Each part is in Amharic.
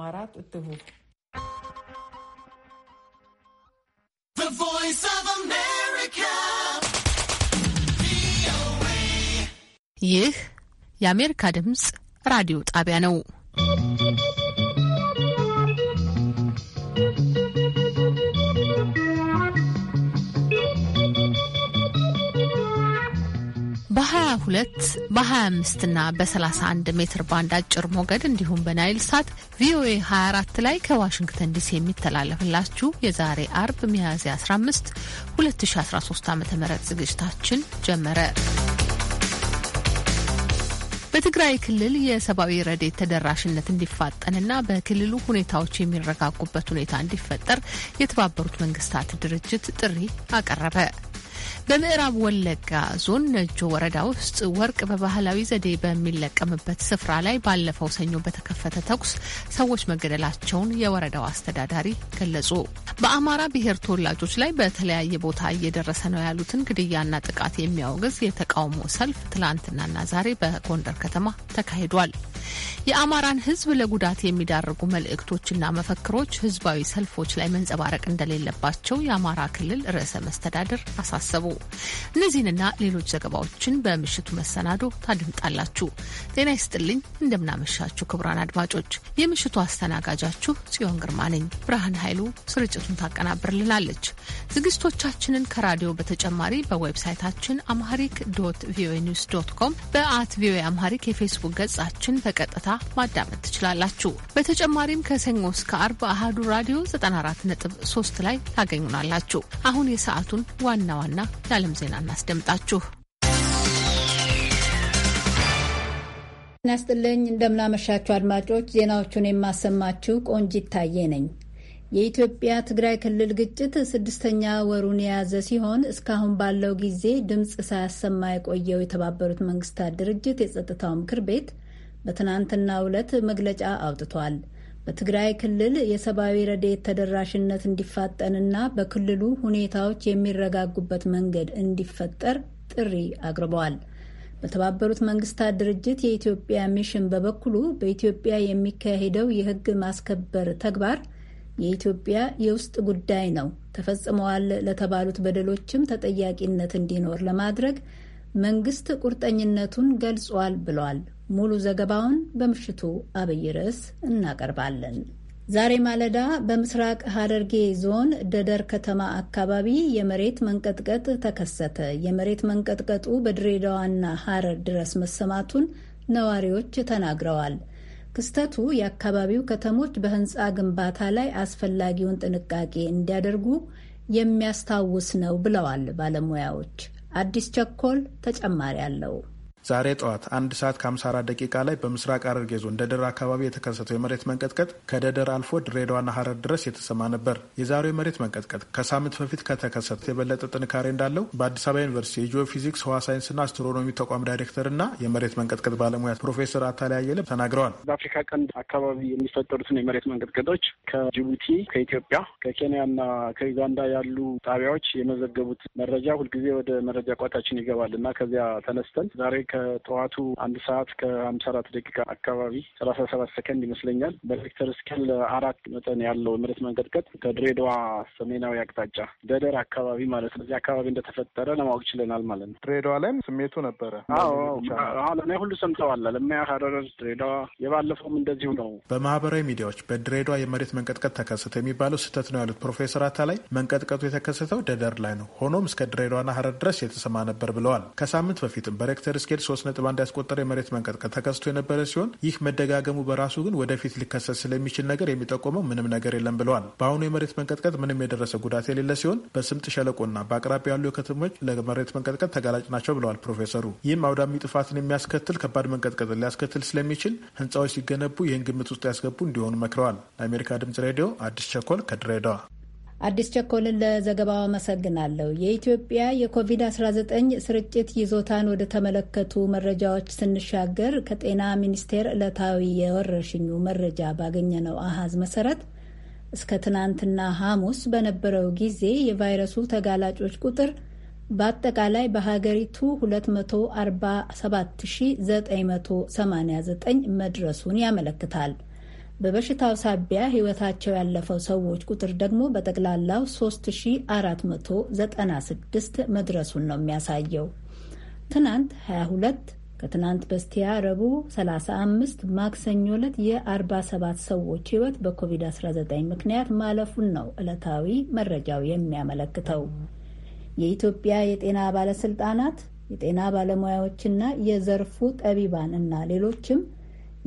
ማራት እትሁ ይህ የአሜሪካ ድምፅ ራዲዮ ጣቢያ ነው። በ22 በ25 ና በ31 ሜትር ባንድ አጭር ሞገድ እንዲሁም በናይል ሳት ቪኦኤ 24 ላይ ከዋሽንግተን ዲሲ የሚተላለፍላችሁ የዛሬ አርብ ሚያዝያ 15 2013 ዓ ም ዝግጅታችን ጀመረ። በትግራይ ክልል የሰብአዊ ረዴት ተደራሽነት እንዲፋጠንና በክልሉ ሁኔታዎች የሚረጋጉበት ሁኔታ እንዲፈጠር የተባበሩት መንግስታት ድርጅት ጥሪ አቀረበ። በምዕራብ ወለጋ ዞን ነጆ ወረዳ ውስጥ ወርቅ በባህላዊ ዘዴ በሚለቀምበት ስፍራ ላይ ባለፈው ሰኞ በተከፈተ ተኩስ ሰዎች መገደላቸውን የወረዳው አስተዳዳሪ ገለጹ። በአማራ ብሔር ተወላጆች ላይ በተለያየ ቦታ እየደረሰ ነው ያሉትን ግድያና ጥቃት የሚያወግዝ የተቃውሞ ሰልፍ ትላንትናና ዛሬ በጎንደር ከተማ ተካሂዷል። የአማራን ሕዝብ ለጉዳት የሚዳርጉ መልእክቶችና መፈክሮች ህዝባዊ ሰልፎች ላይ መንጸባረቅ እንደሌለባቸው የአማራ ክልል ርዕሰ መስተዳድር አሳሰቡ። እነዚህንና ሌሎች ዘገባዎችን በምሽቱ መሰናዶ ታድምጣላችሁ። ጤና ይስጥልኝ፣ እንደምናመሻችሁ ክቡራን አድማጮች፣ የምሽቱ አስተናጋጃችሁ ጽዮን ግርማ ነኝ። ብርሃን ኃይሉ ስርጭቱን ታቀናብርልናለች። ዝግጅቶቻችንን ከራዲዮ በተጨማሪ በዌብሳይታችን አምሃሪክ ዶት ቪኦኤ ኒውስ ዶት ኮም፣ በአት ቪኦኤ አምሃሪክ የፌስቡክ ገጻችን በቀጥታ ማዳመጥ ትችላላችሁ። በተጨማሪም ከሰኞ እስከ አርብ አህዱ ራዲዮ 94.3 ላይ ታገኙናላችሁ። አሁን የሰዓቱን ዋና ዋና ለዓለም ዜና እናስደምጣችሁ። ናስጥልኝ እንደምናመሻችሁ አድማጮች፣ ዜናዎቹን የማሰማችሁ ቆንጂት ታዬ ነኝ። የኢትዮጵያ ትግራይ ክልል ግጭት ስድስተኛ ወሩን የያዘ ሲሆን እስካሁን ባለው ጊዜ ድምፅ ሳያሰማ የቆየው የተባበሩት መንግስታት ድርጅት የጸጥታው ምክር ቤት በትናንትናው ዕለት መግለጫ አውጥቷል። በትግራይ ክልል የሰብአዊ ረድኤት ተደራሽነት እንዲፋጠንና በክልሉ ሁኔታዎች የሚረጋጉበት መንገድ እንዲፈጠር ጥሪ አቅርበዋል። በተባበሩት መንግስታት ድርጅት የኢትዮጵያ ሚሽን በበኩሉ በኢትዮጵያ የሚካሄደው የህግ ማስከበር ተግባር የኢትዮጵያ የውስጥ ጉዳይ ነው፣ ተፈጽመዋል ለተባሉት በደሎችም ተጠያቂነት እንዲኖር ለማድረግ መንግስት ቁርጠኝነቱን ገልጿል ብሏል። ሙሉ ዘገባውን በምሽቱ አብይ ርዕስ እናቀርባለን። ዛሬ ማለዳ በምስራቅ ሐረርጌ ዞን ደደር ከተማ አካባቢ የመሬት መንቀጥቀጥ ተከሰተ። የመሬት መንቀጥቀጡ በድሬዳዋና ሐረር ድረስ መሰማቱን ነዋሪዎች ተናግረዋል። ክስተቱ የአካባቢው ከተሞች በህንፃ ግንባታ ላይ አስፈላጊውን ጥንቃቄ እንዲያደርጉ የሚያስታውስ ነው ብለዋል ባለሙያዎች። አዲስ ቸኮል ተጨማሪ አለው። ዛሬ ጠዋት አንድ ሰዓት ከ54 ደቂቃ ላይ በምስራቅ ሐረርጌ ዞን ደደር አካባቢ የተከሰተው የመሬት መንቀጥቀጥ ከደደር አልፎ ድሬዳዋና ሐረር ድረስ የተሰማ ነበር። የዛሬው የመሬት መንቀጥቀጥ ከሳምንት በፊት ከተከሰተ የበለጠ ጥንካሬ እንዳለው በአዲስ አበባ ዩኒቨርሲቲ የጂኦ ፊዚክስ ህዋ ሳይንስና አስትሮኖሚ ተቋም ዳይሬክተር ና የመሬት መንቀጥቀጥ ባለሙያ ፕሮፌሰር አታላይ አየለ ተናግረዋል። በአፍሪካ ቀንድ አካባቢ የሚፈጠሩትን የመሬት መንቀጥቀጦች ከጅቡቲ፣ ከኢትዮጵያ፣ ከኬንያና ከዩጋንዳ ያሉ ጣቢያዎች የመዘገቡት መረጃ ሁልጊዜ ወደ መረጃ ቋታችን ይገባል እና ከዚያ ተነስተን ዛሬ ከጠዋቱ አንድ ሰዓት ከሀምሳ አራት ደቂቃ አካባቢ ሰላሳ ሰባት ሰከንድ ይመስለኛል በሬክተር ስኬል አራት መጠን ያለው የመሬት መንቀጥቀጥ ከድሬዳዋ ሰሜናዊ አቅጣጫ ደደር አካባቢ ማለት ነው እዚህ አካባቢ እንደተፈጠረ ለማወቅ ችለናል ማለት ነው። ድሬዳዋ ላይም ስሜቱ ነበረ። ለእኔ ሁሉ ሰምተዋል። ለሚያ ሐረር፣ ድሬዳዋ የባለፈውም እንደዚሁ ነው። በማህበራዊ ሚዲያዎች በድሬዳዋ የመሬት መንቀጥቀጥ ተከሰተ የሚባለው ስህተት ነው ያሉት ፕሮፌሰር አታላይ መንቀጥቀጡ የተከሰተው ደደር ላይ ነው፣ ሆኖም እስከ ድሬዳዋና ሀረር ድረስ የተሰማ ነበር ብለዋል። ከሳምንት በፊትም በሬክተር ስኬል 3.1 ያስቆጠረ የመሬት መንቀጥቀጥ ተከስቶ የነበረ ሲሆን ይህ መደጋገሙ በራሱ ግን ወደፊት ሊከሰት ስለሚችል ነገር የሚጠቆመው ምንም ነገር የለም ብለዋል። በአሁኑ የመሬት መንቀጥቀጥ ምንም የደረሰ ጉዳት የሌለ ሲሆን በስምጥ ሸለቆና በአቅራቢያ ያሉ ከተሞች ለመሬት መንቀጥቀጥ ተጋላጭ ናቸው ብለዋል ፕሮፌሰሩ። ይህም አውዳሚ ጥፋትን የሚያስከትል ከባድ መንቀጥቀጥን ሊያስከትል ስለሚችል ህንፃዎች ሲገነቡ ይህን ግምት ውስጥ ያስገቡ እንዲሆኑ መክረዋል። ለአሜሪካ ድምጽ ሬዲዮ አዲስ ቸኮል ከድሬዳዋ አዲስ ቸኮልን ለዘገባው አመሰግናለሁ። የኢትዮጵያ የኮቪድ-19 ስርጭት ይዞታን ወደ ተመለከቱ መረጃዎች ስንሻገር ከጤና ሚኒስቴር ዕለታዊ የወረርሽኙ መረጃ ባገኘነው አሃዝ መሰረት እስከ ትናንትና ሐሙስ በነበረው ጊዜ የቫይረሱ ተጋላጮች ቁጥር በአጠቃላይ በሀገሪቱ 247989 መድረሱን ያመለክታል። በበሽታው ሳቢያ ሕይወታቸው ያለፈው ሰዎች ቁጥር ደግሞ በጠቅላላው 3496 መድረሱን ነው የሚያሳየው። ትናንት 22 ከትናንት በስቲያ ረቡዕ 35 ማክሰኞ ዕለት የ47 ሰዎች ሕይወት በኮቪድ-19 ምክንያት ማለፉን ነው ዕለታዊ መረጃው የሚያመለክተው። የኢትዮጵያ የጤና ባለስልጣናት የጤና ባለሙያዎችና የዘርፉ ጠቢባን እና ሌሎችም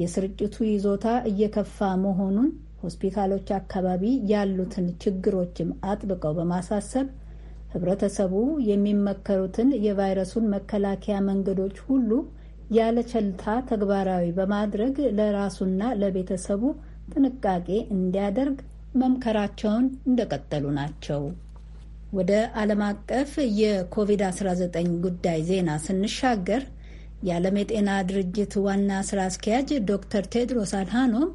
የስርጭቱ ይዞታ እየከፋ መሆኑን ሆስፒታሎች አካባቢ ያሉትን ችግሮችም አጥብቀው በማሳሰብ ህብረተሰቡ የሚመከሩትን የቫይረሱን መከላከያ መንገዶች ሁሉ ያለ ቸልታ ተግባራዊ በማድረግ ለራሱና ለቤተሰቡ ጥንቃቄ እንዲያደርግ መምከራቸውን እንደቀጠሉ ናቸው። ወደ ዓለም አቀፍ የኮቪድ-19 ጉዳይ ዜና ስንሻገር የዓለም የጤና ድርጅት ዋና ስራ አስኪያጅ ዶክተር ቴድሮስ አድሃኖም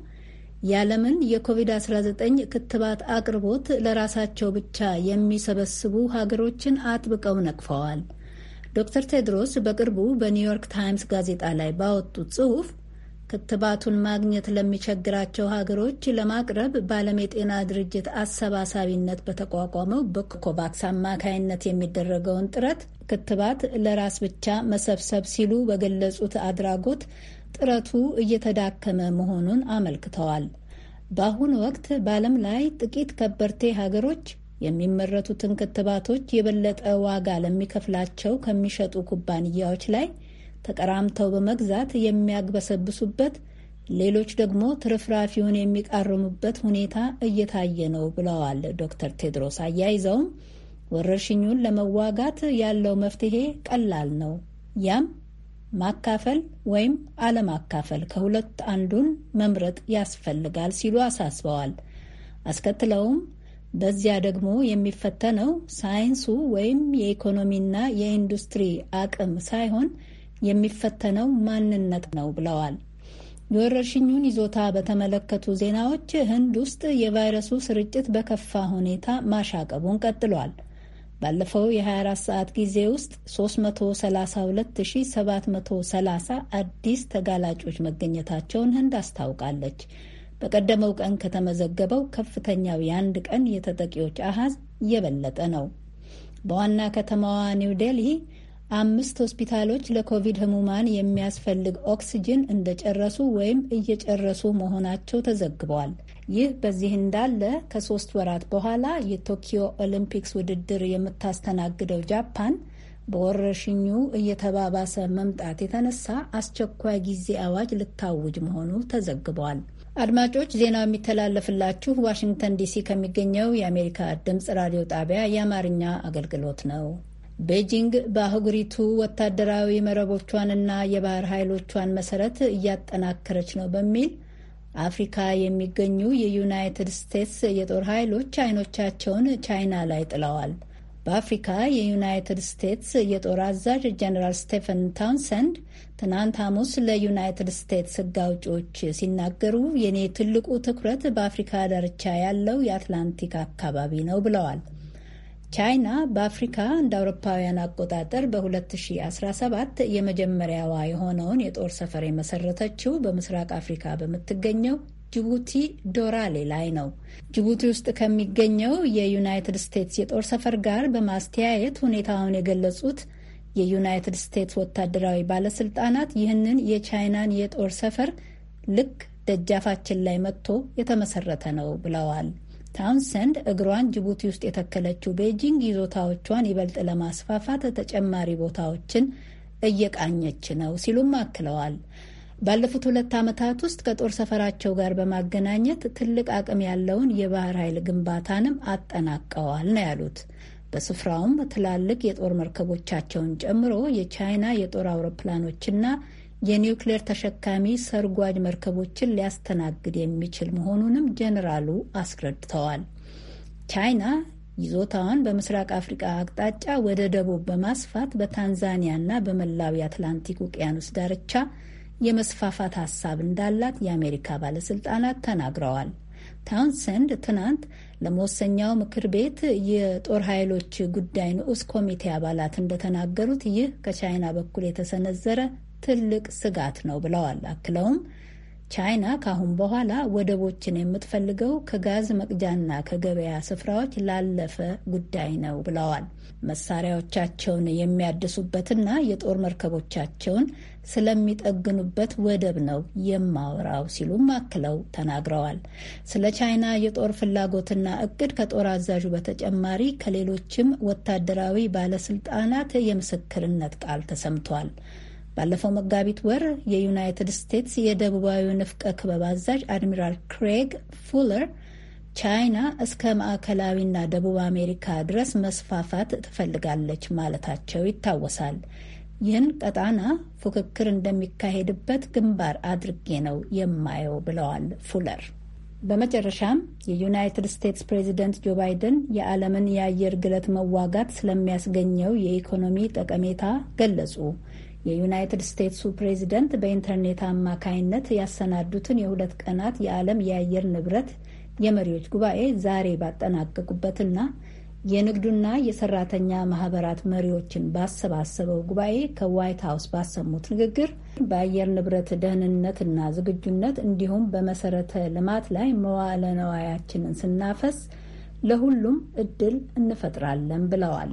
የዓለምን የኮቪድ-19 ክትባት አቅርቦት ለራሳቸው ብቻ የሚሰበስቡ ሀገሮችን አጥብቀው ነቅፈዋል። ዶክተር ቴድሮስ በቅርቡ በኒውዮርክ ታይምስ ጋዜጣ ላይ ባወጡት ጽሑፍ ክትባቱን ማግኘት ለሚቸግራቸው ሀገሮች ለማቅረብ በዓለም የጤና ድርጅት አሰባሳቢነት በተቋቋመው በኮቫክስ አማካይነት የሚደረገውን ጥረት ክትባት ለራስ ብቻ መሰብሰብ ሲሉ በገለጹት አድራጎት ጥረቱ እየተዳከመ መሆኑን አመልክተዋል። በአሁኑ ወቅት በዓለም ላይ ጥቂት ከበርቴ ሀገሮች የሚመረቱትን ክትባቶች የበለጠ ዋጋ ለሚከፍላቸው ከሚሸጡ ኩባንያዎች ላይ ተቀራምተው በመግዛት የሚያግበሰብሱበት፣ ሌሎች ደግሞ ትርፍራፊውን የሚቃርሙበት ሁኔታ እየታየ ነው ብለዋል ዶክተር ቴድሮስ አያይዘውም ወረርሽኙን ለመዋጋት ያለው መፍትሄ ቀላል ነው። ያም ማካፈል ወይም አለማካፈል ከሁለት አንዱን መምረጥ ያስፈልጋል ሲሉ አሳስበዋል። አስከትለውም በዚያ ደግሞ የሚፈተነው ሳይንሱ ወይም የኢኮኖሚና የኢንዱስትሪ አቅም ሳይሆን የሚፈተነው ማንነት ነው ብለዋል። የወረርሽኙን ይዞታ በተመለከቱ ዜናዎች ህንድ ውስጥ የቫይረሱ ስርጭት በከፋ ሁኔታ ማሻቀቡን ቀጥሏል። ባለፈው የ24 ሰዓት ጊዜ ውስጥ 332730 አዲስ ተጋላጮች መገኘታቸውን ህንድ አስታውቃለች። በቀደመው ቀን ከተመዘገበው ከፍተኛው የአንድ ቀን የተጠቂዎች አሃዝ እየበለጠ ነው። በዋና ከተማዋ ኒው ዴልሂ አምስት ሆስፒታሎች ለኮቪድ ህሙማን የሚያስፈልግ ኦክስጅን እንደጨረሱ ወይም እየጨረሱ መሆናቸው ተዘግበዋል። ይህ በዚህ እንዳለ ከሶስት ወራት በኋላ የቶኪዮ ኦሊምፒክስ ውድድር የምታስተናግደው ጃፓን በወረርሽኙ እየተባባሰ መምጣት የተነሳ አስቸኳይ ጊዜ አዋጅ ልታውጅ መሆኑ ተዘግበዋል። አድማጮች ዜናው የሚተላለፍላችሁ ዋሽንግተን ዲሲ ከሚገኘው የአሜሪካ ድምፅ ራዲዮ ጣቢያ የአማርኛ አገልግሎት ነው። ቤጂንግ በአህጉሪቱ ወታደራዊ መረቦቿንና የባህር ኃይሎቿን መሰረት እያጠናከረች ነው በሚል አፍሪካ የሚገኙ የዩናይትድ ስቴትስ የጦር ኃይሎች አይኖቻቸውን ቻይና ላይ ጥለዋል። በአፍሪካ የዩናይትድ ስቴትስ የጦር አዛዥ ጀነራል ስቴፈን ታውንሰንድ ትናንት ሐሙስ ለዩናይትድ ስቴትስ ሕግ አውጪዎች ሲናገሩ የኔ ትልቁ ትኩረት በአፍሪካ ዳርቻ ያለው የአትላንቲክ አካባቢ ነው ብለዋል። ቻይና በአፍሪካ እንደ አውሮፓውያን አቆጣጠር በ2017 የመጀመሪያዋ የሆነውን የጦር ሰፈር የመሰረተችው በምስራቅ አፍሪካ በምትገኘው ጅቡቲ ዶራሌ ላይ ነው። ጅቡቲ ውስጥ ከሚገኘው የዩናይትድ ስቴትስ የጦር ሰፈር ጋር በማስተያየት ሁኔታውን የገለጹት የዩናይትድ ስቴትስ ወታደራዊ ባለስልጣናት ይህንን የቻይናን የጦር ሰፈር ልክ ደጃፋችን ላይ መጥቶ የተመሰረተ ነው ብለዋል። ታውንሰንድ እግሯን ጅቡቲ ውስጥ የተከለችው ቤጂንግ ይዞታዎቿን ይበልጥ ለማስፋፋት ተጨማሪ ቦታዎችን እየቃኘች ነው ሲሉም አክለዋል። ባለፉት ሁለት ዓመታት ውስጥ ከጦር ሰፈራቸው ጋር በማገናኘት ትልቅ አቅም ያለውን የባህር ኃይል ግንባታንም አጠናቀዋል ነው ያሉት። በስፍራውም ትላልቅ የጦር መርከቦቻቸውን ጨምሮ የቻይና የጦር አውሮፕላኖችና የኒውክሌር ተሸካሚ ሰርጓጅ መርከቦችን ሊያስተናግድ የሚችል መሆኑንም ጀኔራሉ አስረድተዋል። ቻይና ይዞታዋን በምስራቅ አፍሪቃ አቅጣጫ ወደ ደቡብ በማስፋት በታንዛኒያና በመላው የአትላንቲክ ውቅያኖስ ዳርቻ የመስፋፋት ሀሳብ እንዳላት የአሜሪካ ባለስልጣናት ተናግረዋል። ታውንሰንድ ትናንት ለመወሰኛው ምክር ቤት የጦር ኃይሎች ጉዳይ ንዑስ ኮሚቴ አባላት እንደተናገሩት ይህ ከቻይና በኩል የተሰነዘረ ትልቅ ስጋት ነው ብለዋል። አክለውም ቻይና ካአሁን በኋላ ወደቦችን የምትፈልገው ከጋዝ መቅጃና ከገበያ ስፍራዎች ላለፈ ጉዳይ ነው ብለዋል። መሳሪያዎቻቸውን የሚያድሱበትና የጦር መርከቦቻቸውን ስለሚጠግኑበት ወደብ ነው የማወራው ሲሉም አክለው ተናግረዋል። ስለ ቻይና የጦር ፍላጎትና እቅድ ከጦር አዛዡ በተጨማሪ ከሌሎችም ወታደራዊ ባለስልጣናት የምስክርነት ቃል ተሰምቷል። ባለፈው መጋቢት ወር የዩናይትድ ስቴትስ የደቡባዊ ንፍቀ ክበብ አዛዥ አድሚራል ክሬግ ፉለር ቻይና እስከ ማዕከላዊና ደቡብ አሜሪካ ድረስ መስፋፋት ትፈልጋለች ማለታቸው ይታወሳል። ይህን ቀጣና ፉክክር እንደሚካሄድበት ግንባር አድርጌ ነው የማየው ብለዋል ፉለር። በመጨረሻም የዩናይትድ ስቴትስ ፕሬዚደንት ጆ ባይደን የዓለምን የአየር ግለት መዋጋት ስለሚያስገኘው የኢኮኖሚ ጠቀሜታ ገለጹ። የዩናይትድ ስቴትሱ ፕሬዚደንት በኢንተርኔት አማካይነት ያሰናዱትን የሁለት ቀናት የዓለም የአየር ንብረት የመሪዎች ጉባኤ ዛሬ ባጠናቀቁበትና የንግዱና የሰራተኛ ማህበራት መሪዎችን ባሰባሰበው ጉባኤ ከዋይት ሀውስ ባሰሙት ንግግር በአየር ንብረት ደህንነትና ዝግጁነት እንዲሁም በመሰረተ ልማት ላይ መዋለነዋያችንን ነዋያችንን ስናፈስ ለሁሉም እድል እንፈጥራለን ብለዋል።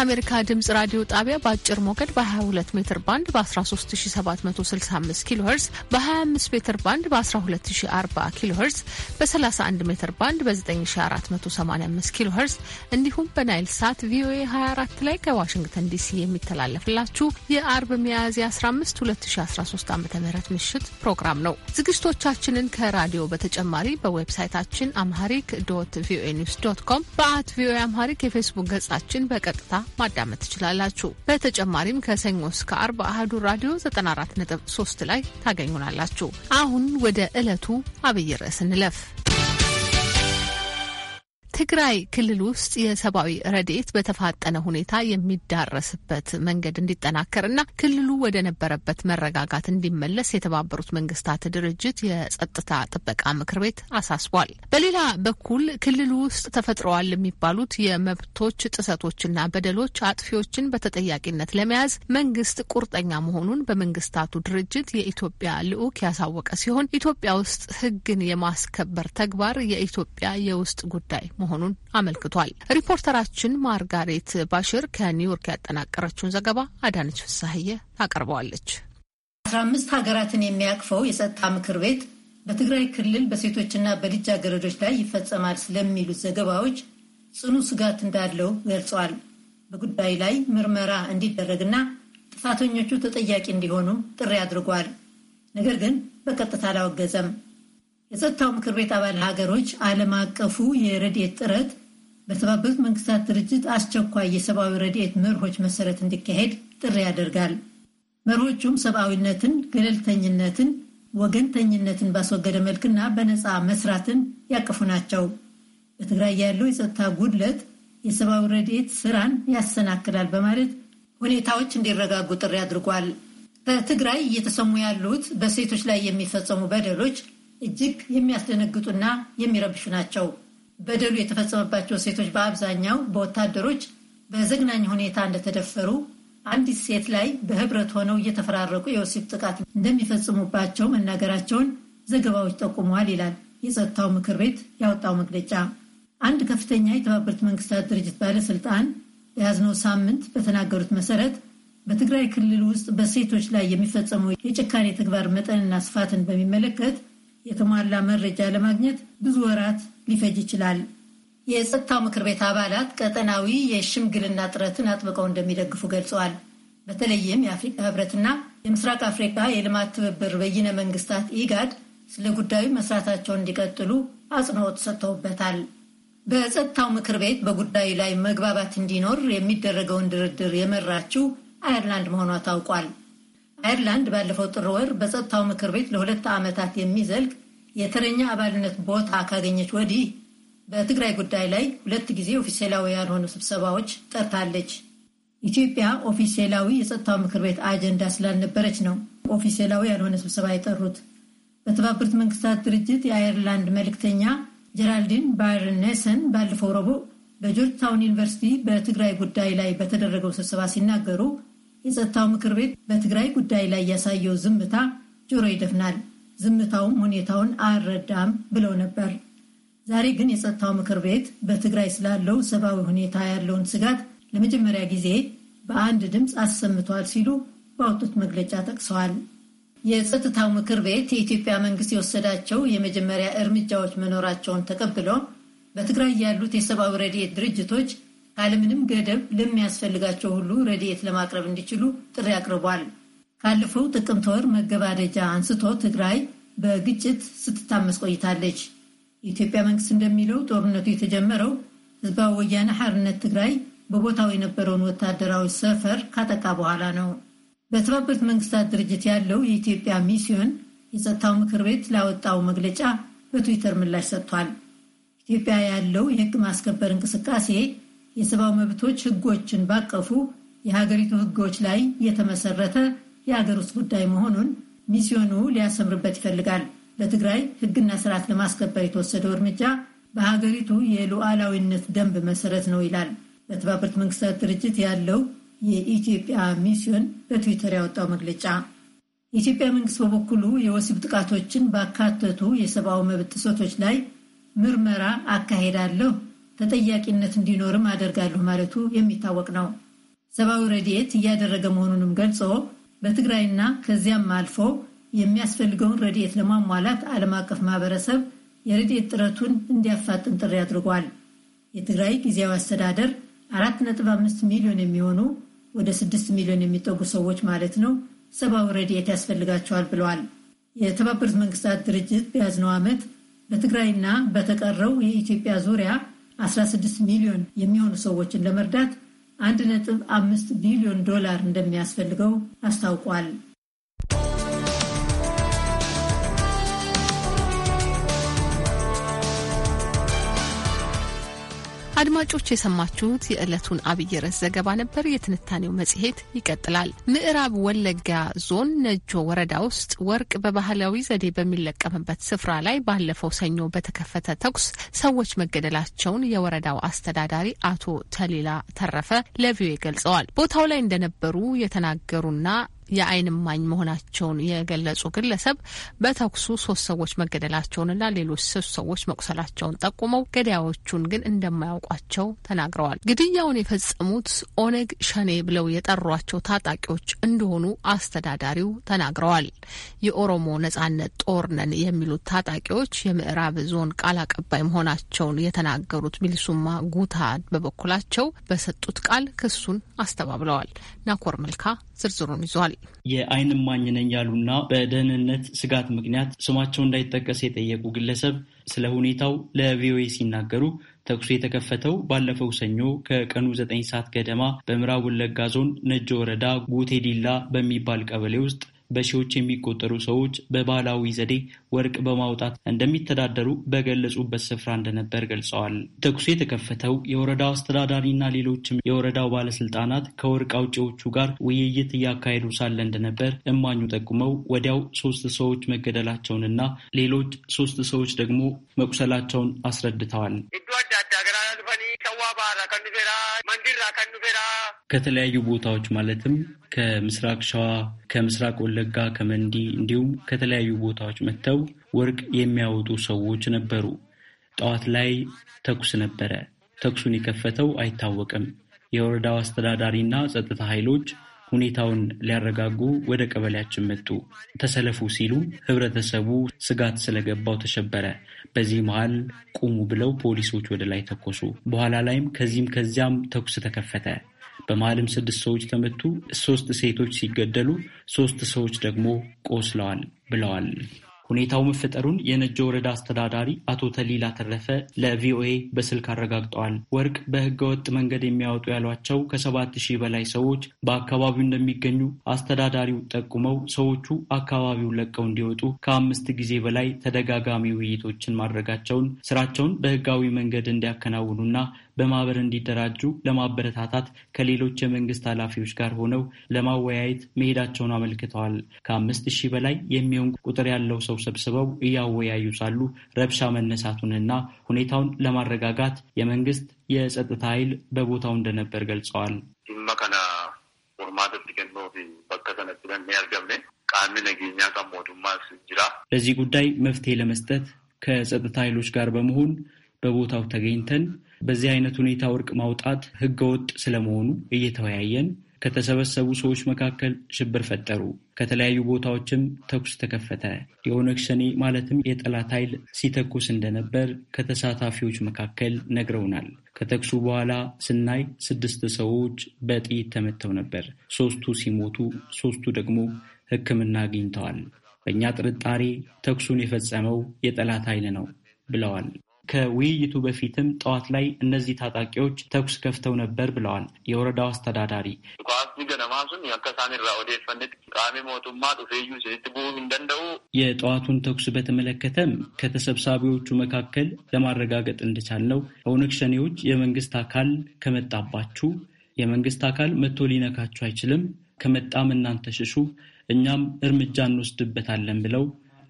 ከአሜሪካ ድምጽ ራዲዮ ጣቢያ በአጭር ሞገድ በ22 ሜትር ባንድ በ13765 ኪሎ ሄርዝ በ25 ሜትር ባንድ በ1240 ኪሎ ሄርዝ በ31 ሜትር ባንድ በ9485 ኪሎ ሄርዝ እንዲሁም በናይል ሳት ቪኦኤ 24 ላይ ከዋሽንግተን ዲሲ የሚተላለፍላችሁ የአርብ ሚያዝያ 15 2013 ዓ ም ምሽት ፕሮግራም ነው። ዝግጅቶቻችንን ከራዲዮ በተጨማሪ በዌብሳይታችን አምሃሪክ ዶት ቪኦኤ ኒውስ ዶት ኮም በአት ቪኦኤ አምሃሪክ የፌስቡክ ገጻችን በቀጥታ ማዳመጥ ትችላላችሁ። በተጨማሪም ከሰኞ እስከ አርብ አህዱ ራዲዮ 94.3 ላይ ታገኙናላችሁ። አሁን ወደ ዕለቱ አብይ ርዕስ እንለፍ። ትግራይ ክልል ውስጥ የሰብአዊ ረድኤት በተፋጠነ ሁኔታ የሚዳረስበት መንገድ እንዲጠናከርና ክልሉ ወደ ነበረበት መረጋጋት እንዲመለስ የተባበሩት መንግስታት ድርጅት የጸጥታ ጥበቃ ምክር ቤት አሳስቧል። በሌላ በኩል ክልሉ ውስጥ ተፈጥረዋል የሚባሉት የመብቶች ጥሰቶችና በደሎች አጥፊዎችን በተጠያቂነት ለመያዝ መንግስት ቁርጠኛ መሆኑን በመንግስታቱ ድርጅት የኢትዮጵያ ልዑክ ያሳወቀ ሲሆን ኢትዮጵያ ውስጥ ህግን የማስከበር ተግባር የኢትዮጵያ የውስጥ ጉዳይ መሆኑን መሆኑን አመልክቷል። ሪፖርተራችን ማርጋሬት ባሽር ከኒውዮርክ ያጠናቀረችውን ዘገባ አዳነች ፍሳሀየ ታቀርበዋለች። አስራ አምስት ሀገራትን የሚያቅፈው የጸጥታ ምክር ቤት በትግራይ ክልል በሴቶችና በልጃገረዶች ላይ ይፈጸማል ስለሚሉት ዘገባዎች ጽኑ ስጋት እንዳለው ገልጿል። በጉዳዩ ላይ ምርመራ እንዲደረግና ጥፋተኞቹ ተጠያቂ እንዲሆኑም ጥሪ አድርጓል። ነገር ግን በቀጥታ አላወገዘም። የጸጥታው ምክር ቤት አባል ሀገሮች ዓለም አቀፉ የረድኤት ጥረት በተባበሩት መንግስታት ድርጅት አስቸኳይ የሰብአዊ ረድኤት መርሆች መሰረት እንዲካሄድ ጥሪ ያደርጋል። መርሆቹም ሰብአዊነትን፣ ገለልተኝነትን፣ ወገንተኝነትን ባስወገደ መልክና በነፃ መስራትን ያቀፉ ናቸው። በትግራይ ያለው የጸጥታ ጉድለት የሰብአዊ ረድኤት ስራን ያሰናክላል በማለት ሁኔታዎች እንዲረጋጉ ጥሪ አድርጓል። በትግራይ እየተሰሙ ያሉት በሴቶች ላይ የሚፈጸሙ በደሎች እጅግ የሚያስደነግጡና የሚረብሹ ናቸው። በደሉ የተፈጸመባቸው ሴቶች በአብዛኛው በወታደሮች በዘግናኝ ሁኔታ እንደተደፈሩ፣ አንዲት ሴት ላይ በህብረት ሆነው እየተፈራረቁ የወሲብ ጥቃት እንደሚፈጽሙባቸው መናገራቸውን ዘገባዎች ጠቁመዋል ይላል የጸጥታው ምክር ቤት ያወጣው መግለጫ። አንድ ከፍተኛ የተባበሩት መንግስታት ድርጅት ባለስልጣን የያዝነው ሳምንት በተናገሩት መሰረት በትግራይ ክልል ውስጥ በሴቶች ላይ የሚፈጸመው የጭካኔ ተግባር መጠንና ስፋትን በሚመለከት የተሟላ መረጃ ለማግኘት ብዙ ወራት ሊፈጅ ይችላል። የጸጥታው ምክር ቤት አባላት ቀጠናዊ የሽምግልና ጥረትን አጥብቀው እንደሚደግፉ ገልጸዋል። በተለይም የአፍሪካ ህብረትና የምስራቅ አፍሪካ የልማት ትብብር በይነ መንግስታት ኢጋድ ስለ ጉዳዩ መስራታቸውን እንዲቀጥሉ አጽንኦት ሰጥተውበታል። በጸጥታው ምክር ቤት በጉዳዩ ላይ መግባባት እንዲኖር የሚደረገውን ድርድር የመራችው አየርላንድ መሆኗ ታውቋል። አይርላንድ ባለፈው ጥር ወር በጸጥታው ምክር ቤት ለሁለት ዓመታት የሚዘልቅ የተረኛ አባልነት ቦታ ካገኘች ወዲህ በትግራይ ጉዳይ ላይ ሁለት ጊዜ ኦፊሴላዊ ያልሆኑ ስብሰባዎች ጠርታለች። ኢትዮጵያ ኦፊሴላዊ የጸጥታው ምክር ቤት አጀንዳ ስላልነበረች ነው ኦፊሴላዊ ያልሆነ ስብሰባ የጠሩት። በተባበሩት መንግስታት ድርጅት የአየርላንድ መልእክተኛ ጀራልዲን ባርነሰን ባለፈው ረቡዕ በጆርጅታውን ዩኒቨርሲቲ በትግራይ ጉዳይ ላይ በተደረገው ስብሰባ ሲናገሩ የጸጥታው ምክር ቤት በትግራይ ጉዳይ ላይ ያሳየው ዝምታ ጆሮ ይደፍናል፣ ዝምታውም ሁኔታውን አልረዳም ብለው ነበር። ዛሬ ግን የጸጥታው ምክር ቤት በትግራይ ስላለው ሰብአዊ ሁኔታ ያለውን ስጋት ለመጀመሪያ ጊዜ በአንድ ድምፅ አሰምቷል ሲሉ ባወጡት መግለጫ ጠቅሰዋል። የጸጥታው ምክር ቤት የኢትዮጵያ መንግስት የወሰዳቸው የመጀመሪያ እርምጃዎች መኖራቸውን ተቀብሎ በትግራይ ያሉት የሰብአዊ ረድኤት ድርጅቶች ካለምንም ገደብ ለሚያስፈልጋቸው ሁሉ ረድኤት ለማቅረብ እንዲችሉ ጥሪ አቅርቧል። ካለፈው ጥቅምት ወር መገባደጃ አንስቶ ትግራይ በግጭት ስትታመስ ቆይታለች። የኢትዮጵያ መንግስት እንደሚለው ጦርነቱ የተጀመረው ህዝባዊ ወያነ ሐርነት ትግራይ በቦታው የነበረውን ወታደራዊ ሰፈር ካጠቃ በኋላ ነው። በተባበሩት መንግስታት ድርጅት ያለው የኢትዮጵያ ሚስዮን የጸጥታው ምክር ቤት ላወጣው መግለጫ በትዊተር ምላሽ ሰጥቷል። ኢትዮጵያ ያለው የህግ ማስከበር እንቅስቃሴ የሰብአዊ መብቶች ህጎችን ባቀፉ የሀገሪቱ ህጎች ላይ የተመሰረተ የሀገር ውስጥ ጉዳይ መሆኑን ሚስዮኑ ሊያሰምርበት ይፈልጋል። ለትግራይ ህግና ስርዓት ለማስከበር የተወሰደው እርምጃ በሀገሪቱ የሉዓላዊነት ደንብ መሰረት ነው ይላል። በተባበሩት መንግስታት ድርጅት ያለው የኢትዮጵያ ሚስዮን በትዊተር ያወጣው መግለጫ የኢትዮጵያ መንግስት በበኩሉ የወሲብ ጥቃቶችን ባካተቱ የሰብአዊ መብት ጥሰቶች ላይ ምርመራ አካሄዳለሁ ተጠያቂነት እንዲኖርም አደርጋለሁ ማለቱ የሚታወቅ ነው። ሰብአዊ ረድኤት እያደረገ መሆኑንም ገልጾ በትግራይና ከዚያም አልፎ የሚያስፈልገውን ረድኤት ለማሟላት ዓለም አቀፍ ማህበረሰብ የረድኤት ጥረቱን እንዲያፋጥን ጥሪ አድርጓል። የትግራይ ጊዜያዊ አስተዳደር 4.5 ሚሊዮን የሚሆኑ ወደ 6 ሚሊዮን የሚጠጉ ሰዎች ማለት ነው ሰብአዊ ረድኤት ያስፈልጋቸዋል ብለዋል። የተባበሩት መንግስታት ድርጅት በያዝነው ዓመት በትግራይና በተቀረው የኢትዮጵያ ዙሪያ 16 ሚሊዮን የሚሆኑ ሰዎችን ለመርዳት 1.5 ቢሊዮን ዶላር እንደሚያስፈልገው አስታውቋል። አድማጮች የሰማችሁት የዕለቱን አብይ ርዕስ ዘገባ ነበር። የትንታኔው መጽሔት ይቀጥላል። ምዕራብ ወለጋ ዞን ነጆ ወረዳ ውስጥ ወርቅ በባህላዊ ዘዴ በሚለቀምበት ስፍራ ላይ ባለፈው ሰኞ በተከፈተ ተኩስ ሰዎች መገደላቸውን የወረዳው አስተዳዳሪ አቶ ተሊላ ተረፈ ለቪኦኤ ገልጸዋል። ቦታው ላይ እንደነበሩ የተናገሩና የአይን ማኝ መሆናቸውን የገለጹ ግለሰብ በተኩሱ ሶስት ሰዎች መገደላቸውንና ሌሎች ሶስት ሰዎች መቁሰላቸውን ጠቁመው ገዳዮቹን ግን እንደማያውቋቸው ተናግረዋል። ግድያውን የፈጸሙት ኦነግ ሸኔ ብለው የጠሯቸው ታጣቂዎች እንደሆኑ አስተዳዳሪው ተናግረዋል። የኦሮሞ ነጻነት ጦርነን የሚሉት ታጣቂዎች የምዕራብ ዞን ቃል አቀባይ መሆናቸውን የተናገሩት ቢልሱማ ጉታ በበኩላቸው በሰጡት ቃል ክሱን አስተባብለዋል። ናኮር መልካ ዝርዝሩን ይዟል። የአይን እማኝ ነኝ ያሉና በደህንነት ስጋት ምክንያት ስማቸው እንዳይጠቀስ የጠየቁ ግለሰብ ስለ ሁኔታው ለቪኦኤ ሲናገሩ ተኩሱ የተከፈተው ባለፈው ሰኞ ከቀኑ ዘጠኝ ሰዓት ገደማ በምዕራብ ወለጋ ዞን ነጆ ወረዳ ጉቴዲላ በሚባል ቀበሌ ውስጥ በሺዎች የሚቆጠሩ ሰዎች በባህላዊ ዘዴ ወርቅ በማውጣት እንደሚተዳደሩ በገለጹበት ስፍራ እንደነበር ገልጸዋል። ተኩሱ የተከፈተው የወረዳው አስተዳዳሪና ሌሎችም የወረዳው ባለስልጣናት ከወርቅ አውጪዎቹ ጋር ውይይት እያካሄዱ ሳለ እንደነበር እማኙ ጠቁመው ወዲያው ሶስት ሰዎች መገደላቸውንና ሌሎች ሶስት ሰዎች ደግሞ መቁሰላቸውን አስረድተዋል። ከተለያዩ ቦታዎች ማለትም ከምስራቅ ሸዋ፣ ከምስራቅ ወለጋ፣ ከመንዲ እንዲሁም ከተለያዩ ቦታዎች መጥተው ወርቅ የሚያወጡ ሰዎች ነበሩ። ጠዋት ላይ ተኩስ ነበረ። ተኩሱን የከፈተው አይታወቅም። የወረዳው አስተዳዳሪና ጸጥታ ኃይሎች ሁኔታውን ሊያረጋጉ ወደ ቀበሌያችን መጡ። ተሰለፉ ሲሉ ህብረተሰቡ ስጋት ስለገባው ተሸበረ። በዚህ መሃል ቁሙ ብለው ፖሊሶች ወደ ላይ ተኮሱ። በኋላ ላይም ከዚህም ከዚያም ተኩስ ተከፈተ። በመሃልም ስድስት ሰዎች ተመቱ። ሶስት ሴቶች ሲገደሉ፣ ሶስት ሰዎች ደግሞ ቆስለዋል ብለዋል። ሁኔታው መፈጠሩን የነጆ ወረዳ አስተዳዳሪ አቶ ተሊላ ተረፈ ለቪኦኤ በስልክ አረጋግጠዋል። ወርቅ በህገወጥ መንገድ የሚያወጡ ያሏቸው ከሰባት ሺህ በላይ ሰዎች በአካባቢው እንደሚገኙ አስተዳዳሪው ጠቁመው ሰዎቹ አካባቢውን ለቀው እንዲወጡ ከአምስት ጊዜ በላይ ተደጋጋሚ ውይይቶችን ማድረጋቸውን ስራቸውን በህጋዊ መንገድ እንዲያከናውኑና በማህበር እንዲደራጁ ለማበረታታት ከሌሎች የመንግስት ኃላፊዎች ጋር ሆነው ለማወያየት መሄዳቸውን አመልክተዋል። ከአምስት ሺህ በላይ የሚሆን ቁጥር ያለው ሰው ሰብስበው እያወያዩ ሳሉ ረብሻ መነሳቱንና ሁኔታውን ለማረጋጋት የመንግስት የጸጥታ ኃይል በቦታው እንደነበር ገልጸዋል። ለዚህ ጉዳይ መፍትሄ ለመስጠት ከጸጥታ ኃይሎች ጋር በመሆን በቦታው ተገኝተን በዚህ አይነት ሁኔታ ወርቅ ማውጣት ህገወጥ ስለመሆኑ እየተወያየን ከተሰበሰቡ ሰዎች መካከል ሽብር ፈጠሩ። ከተለያዩ ቦታዎችም ተኩስ ተከፈተ። የኦነግ ሸኔ ማለትም የጠላት ኃይል ሲተኩስ እንደነበር ከተሳታፊዎች መካከል ነግረውናል። ከተኩሱ በኋላ ስናይ ስድስት ሰዎች በጥይት ተመተው ነበር። ሶስቱ ሲሞቱ፣ ሶስቱ ደግሞ ሕክምና አግኝተዋል። በእኛ ጥርጣሬ ተኩሱን የፈጸመው የጠላት ኃይል ነው ብለዋል። ከውይይቱ በፊትም ጠዋት ላይ እነዚህ ታጣቂዎች ተኩስ ከፍተው ነበር ብለዋል የወረዳው አስተዳዳሪ። የጠዋቱን ተኩስ በተመለከተም ከተሰብሳቢዎቹ መካከል ለማረጋገጥ እንደቻልነው ኦነግ ሸኔዎች የመንግስት አካል ከመጣባችሁ የመንግስት አካል መጥቶ ሊነካችሁ አይችልም፣ ከመጣም እናንተ ሽሹ፣ እኛም እርምጃ እንወስድበታለን ብለው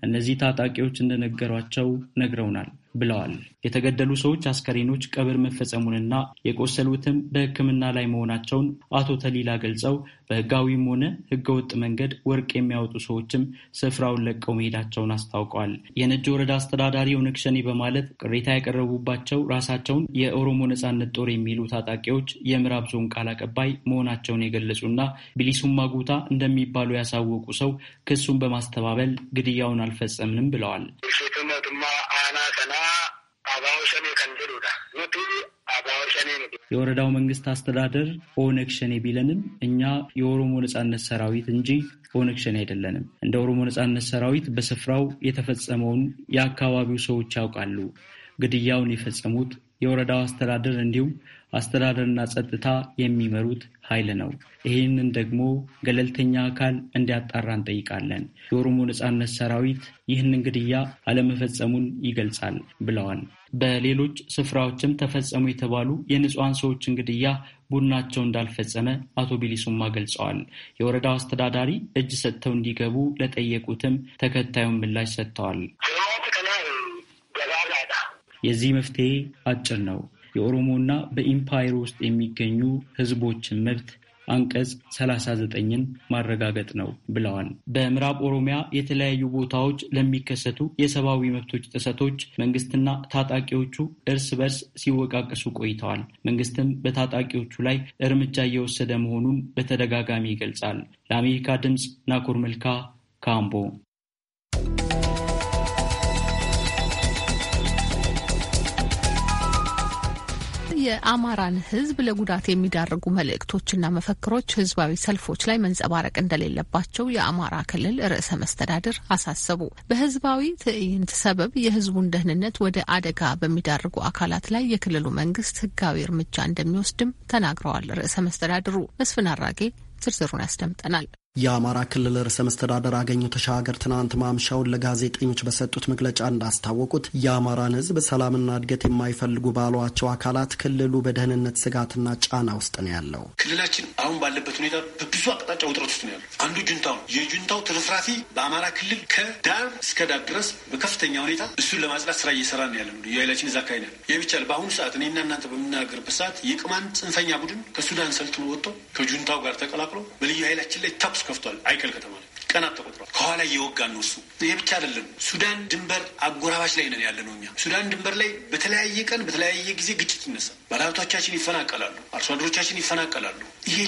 እነዚህ ታጣቂዎች እንደነገሯቸው ነግረውናል። ብለዋል። የተገደሉ ሰዎች አስከሬኖች ቀብር መፈጸሙንና የቆሰሉትም በሕክምና ላይ መሆናቸውን አቶ ተሊላ ገልጸው በህጋዊም ሆነ ህገወጥ መንገድ ወርቅ የሚያወጡ ሰዎችም ስፍራውን ለቀው መሄዳቸውን አስታውቀዋል። የነጆ ወረዳ አስተዳዳሪ ኦነግ ሸኔ በማለት ቅሬታ ያቀረቡባቸው ራሳቸውን የኦሮሞ ነጻነት ጦር የሚሉ ታጣቂዎች የምዕራብ ዞን ቃል አቀባይ መሆናቸውን የገለጹና ቢሊሱማ ጉታ እንደሚባሉ ያሳወቁ ሰው ክሱን በማስተባበል ግድያውን አልፈጸምንም ብለዋል። የወረዳው መንግስት አስተዳደር ኦነግ ሸኔ ቢለንም እኛ የኦሮሞ ነጻነት ሰራዊት እንጂ ኦነግ ሸኔ አይደለንም። እንደ ኦሮሞ ነጻነት ሰራዊት በስፍራው የተፈጸመውን የአካባቢው ሰዎች ያውቃሉ። ግድያውን የፈጸሙት የወረዳው አስተዳደር እንዲሁም አስተዳደርና ጸጥታ የሚመሩት ኃይል ነው። ይህንን ደግሞ ገለልተኛ አካል እንዲያጣራ እንጠይቃለን። የኦሮሞ ነጻነት ሰራዊት ይህንን ግድያ አለመፈጸሙን ይገልጻል ብለዋል በሌሎች ስፍራዎችም ተፈጸሙ የተባሉ የንጹሐን ሰዎችን ግድያ ቡድናቸው እንዳልፈጸመ አቶ ቢሊሱማ ገልጸዋል። የወረዳው አስተዳዳሪ እጅ ሰጥተው እንዲገቡ ለጠየቁትም ተከታዩን ምላሽ ሰጥተዋል። የዚህ መፍትሄ አጭር ነው። የኦሮሞና በኢምፓየር ውስጥ የሚገኙ ህዝቦችን መብት አንቀጽ 39ን ማረጋገጥ ነው ብለዋል። በምዕራብ ኦሮሚያ የተለያዩ ቦታዎች ለሚከሰቱ የሰብአዊ መብቶች ጥሰቶች መንግስትና ታጣቂዎቹ እርስ በርስ ሲወቃቀሱ ቆይተዋል። መንግስትም በታጣቂዎቹ ላይ እርምጃ እየወሰደ መሆኑን በተደጋጋሚ ይገልጻል። ለአሜሪካ ድምፅ ናኮር መልካ ካምቦ የአማራን ህዝብ ለጉዳት የሚዳርጉ መልእክቶችና መፈክሮች ህዝባዊ ሰልፎች ላይ መንጸባረቅ እንደሌለባቸው የአማራ ክልል ርዕሰ መስተዳድር አሳሰቡ። በህዝባዊ ትዕይንት ሰበብ የህዝቡን ደህንነት ወደ አደጋ በሚዳርጉ አካላት ላይ የክልሉ መንግስት ህጋዊ እርምጃ እንደሚወስድም ተናግረዋል። ርዕሰ መስተዳድሩ መስፍን አራጌ ዝርዝሩን ያስደምጠናል። የአማራ ክልል ርዕሰ መስተዳደር አገኘሁ ተሻገር ትናንት ማምሻውን ለጋዜጠኞች በሰጡት መግለጫ እንዳስታወቁት የአማራን ሕዝብ ሰላምና እድገት የማይፈልጉ ባሏቸው አካላት ክልሉ በደህንነት ስጋትና ጫና ውስጥ ነው ያለው። ክልላችን አሁን ባለበት ሁኔታ በብዙ አቅጣጫ ውጥረት ውስጥ ነው ያለው። አንዱ ጁንታው ነው። የጁንታው ትርፍራፊ በአማራ ክልል ከዳር እስከ ዳር ድረስ በከፍተኛ ሁኔታ እሱን ለማጽዳት ስራ እየሰራ ነው ያለ የኃይላችን እዛ አካባቢ ነው ያለ። ይህ ብቻ በአሁኑ ሰዓት እኔና እናንተ በምናገርበት ሰዓት የቅማን ጽንፈኛ ቡድን ከሱዳን ሰልጥኖ ወጥቶ ከጁንታው ጋር ተቀላቅሎ በልዩ ኃይላችን ላይ ታፕ ተኩስ ከፍቷል። አይከል ከተማ ላይ ቀናት ተቆጥሯል። ከኋላ እየወጋን ነው። እሱ ይሄ ብቻ አይደለም። ሱዳን ድንበር አጎራባች ላይ ነን ያለ ነው። እኛ ሱዳን ድንበር ላይ በተለያየ ቀን በተለያየ ጊዜ ግጭት ይነሳል። ባለሀብቶቻችን ይፈናቀላሉ። አርሶ አደሮቻችን ይፈናቀላሉ። ይሄ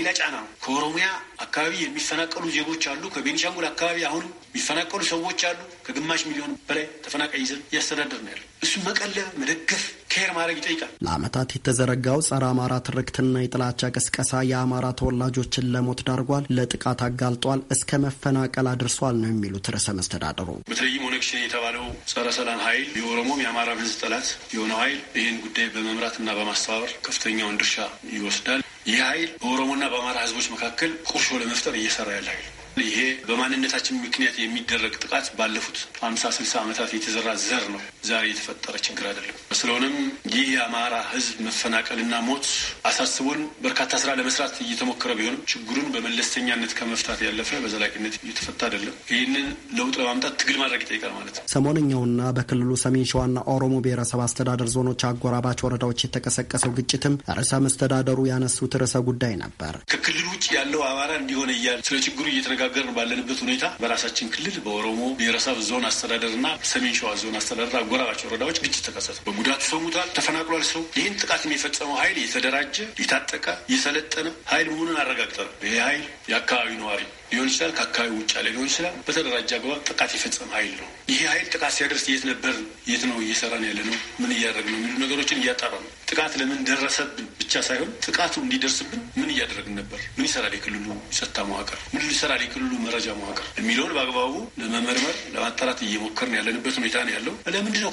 ሌላ ጫና ነው። ከኦሮሚያ አካባቢ የሚፈናቀሉ ዜጎች አሉ። ከቤኒሻንጉል አካባቢ አሁንም የሚፈናቀሉ ሰዎች አሉ። ከግማሽ ሚሊዮን በላይ ተፈናቃይ ይዘን እያስተዳደር ነው ያለው። እሱ መቀለብ፣ መደገፍ፣ ኬር ማድረግ ይጠይቃል። ለዓመታት የተዘረጋው ጸረ አማራ ትርክትና የጥላቻ ቅስቀሳ የአማራ ተወላጆችን ለሞት ዳርጓል፣ ለጥቃት አጋልጧል፣ እስከ መፈናቀል አድርሷል ነው የሚሉት ርዕሰ መስተዳድሩ። በተለይም ኦነግ ሸኔ የተባለው ጸረ ሰላም ኃይል የኦሮሞም የአማራ ሕዝብ ጠላት የሆነው ኃይል ይህን ጉዳይ በመምራትና በማስተባበር ከፍተኛውን ድርሻ ይወስዳል። ይህ ኃይል በኦሮሞና በአማራ ህዝቦች መካከል ቁርሾ ለመፍጠር እየሰራ ያለ ኃይል ይሄ በማንነታችን ምክንያት የሚደረግ ጥቃት ባለፉት ሀምሳ ስልሳ ዓመታት የተዘራ ዘር ነው። ዛሬ የተፈጠረ ችግር አይደለም። ስለሆነም ይህ የአማራ ህዝብ መፈናቀልና ሞት አሳስቦን በርካታ ስራ ለመስራት እየተሞከረ ቢሆንም ችግሩን በመለስተኛነት ከመፍታት ያለፈ በዘላቂነት እየተፈታ አይደለም። ይህንን ለውጥ ለማምጣት ትግል ማድረግ ይጠይቃል ማለት ነው። ሰሞነኛውና በክልሉ ሰሜን ሸዋና ኦሮሞ ብሔረሰብ አስተዳደር ዞኖች አጎራባች ወረዳዎች የተቀሰቀሰው ግጭትም ርዕሰ መስተዳደሩ ያነሱት ርዕሰ ጉዳይ ነበር። ከክልል ውጭ ያለው አማራ እንዲሆነ እያለ ስለ ችግሩ እየተነጋ መነጋገር ባለንበት ሁኔታ በራሳችን ክልል በኦሮሞ ብሔረሰብ ዞን አስተዳደርና ሰሜን ሸዋ ዞን አስተዳደር አጎራባች ወረዳዎች ግጭት ተከሰተ። በጉዳቱ ሰው ተፈናቅሏል። ሰው ይህን ጥቃት የሚፈጸመው ኃይል የተደራጀ የታጠቀ የሰለጠነ ኃይል መሆኑን አረጋግጠ ይህ ኃይል የአካባቢ ነዋሪ ሊሆን ይችላል፣ ከአካባቢ ውጭ ያለ ሊሆን ይችላል። በተደራጀ አግባብ ጥቃት የፈጸመ ኃይል ነው። ይሄ ኃይል ጥቃት ሲያደርስ የት ነበር፣ የት ነው እየሰራን ያለ ነው፣ ምን እያደረግ ነው የሚሉ ነገሮችን እያጣራ ነው። ጥቃት ለምን ደረሰብን ብቻ ሳይሆን ጥቃቱ እንዲደርስብን ምን እያደረግን ነበር፣ ምን ይሰራል የክልሉ የጸጥታ መዋቅር፣ ምን ይሰራል የክልሉ መረጃ መዋቅር የሚለውን በአግባቡ ለመመርመር ለማጣራት እየሞከርን ያለንበት ሁኔታ ነው ያለው። ለምንድን ነው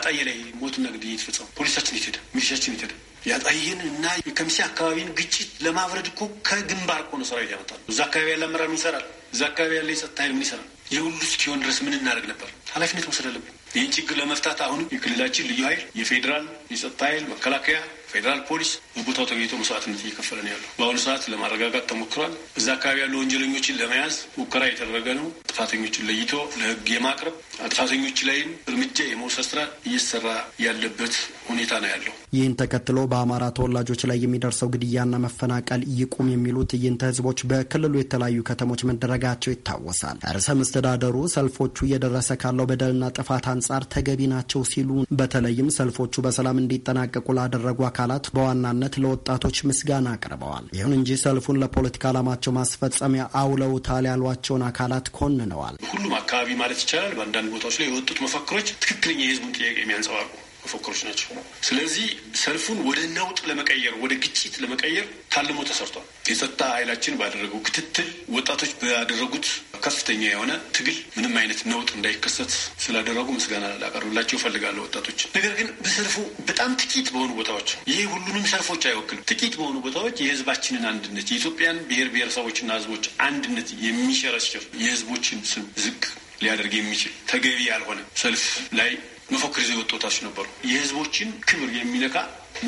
አጣዬ ላይ ሞት ነግድ የተፈጸመው? ፖሊሳችን የት ሄደ? ሚሊሻችን የት ሄደ? ያጣይህን እና ከሚሴ አካባቢን ግጭት ለማብረድ እኮ ከግንባር እኮ ነው ሰራዊት ያመጣል። እዛ አካባቢ ያለ አመራር ምን ይሰራል? እዛ አካባቢ ያለ የጸጥታ ኃይል ምን ይሰራል? የሁሉ እስኪሆን ድረስ ምን እናደርግ ነበር? ኃላፊነት መውሰድ አለብን። ይህን ችግር ለመፍታት አሁንም የክልላችን ልዩ ኃይል፣ የፌዴራል የጸጥታ ኃይል፣ መከላከያ ፌዴራል ፖሊስ በቦታው ተገኝቶ መስዋዕትነት እየከፈለ ነው ያለው። በአሁኑ ሰዓት ለማረጋጋት ተሞክሯል። እዛ አካባቢ ያሉ ወንጀለኞችን ለመያዝ ሙከራ የተደረገ ነው። ጥፋተኞችን ለይቶ ለህግ የማቅረብ ጥፋተኞች ላይም እርምጃ የመውሰድ ስራ እየሰራ ያለበት ሁኔታ ነው ያለው። ይህን ተከትሎ በአማራ ተወላጆች ላይ የሚደርሰው ግድያና መፈናቀል ይቁም የሚሉ ትዕይንተ ህዝቦች በክልሉ የተለያዩ ከተሞች መደረጋቸው ይታወሳል። ርዕሰ መስተዳደሩ ሰልፎቹ እየደረሰ ካለው በደልና ጥፋት አንጻር ተገቢ ናቸው ሲሉ በተለይም ሰልፎቹ በሰላም እንዲጠናቀቁ ላደረጉ አካል አካላት በዋናነት ለወጣቶች ምስጋና አቅርበዋል። ይሁን እንጂ ሰልፉን ለፖለቲካ ዓላማቸው ማስፈጸሚያ አውለውታል ያሏቸውን አካላት ኮንነዋል። ሁሉም አካባቢ ማለት ይቻላል በአንዳንድ ቦታዎች ላይ የወጡት መፈክሮች ትክክለኛ የህዝቡን ጥያቄ የሚያንጸባርቁ ፉክክሮች ናቸው። ስለዚህ ሰልፉን ወደ ነውጥ ለመቀየር ወደ ግጭት ለመቀየር ታልሞ ተሰርቷል። የጸጥታ ኃይላችን ባደረገው ክትትል፣ ወጣቶች ባደረጉት ከፍተኛ የሆነ ትግል ምንም አይነት ነውጥ እንዳይከሰት ስላደረጉ ምስጋና ላቀርብላቸው እፈልጋለሁ ወጣቶች። ነገር ግን በሰልፉ በጣም ጥቂት በሆኑ ቦታዎች ይሄ ሁሉንም ሰልፎች አይወክልም። ጥቂት በሆኑ ቦታዎች የህዝባችንን አንድነት የኢትዮጵያን ብሔር ብሔረሰቦችና ህዝቦች አንድነት የሚሸረሽር የህዝቦችን ስም ዝቅ ሊያደርግ የሚችል ተገቢ ያልሆነ ሰልፍ ላይ መፈክር ይዘው የወጡ ነበሩ። የህዝቦችን ክብር የሚነካ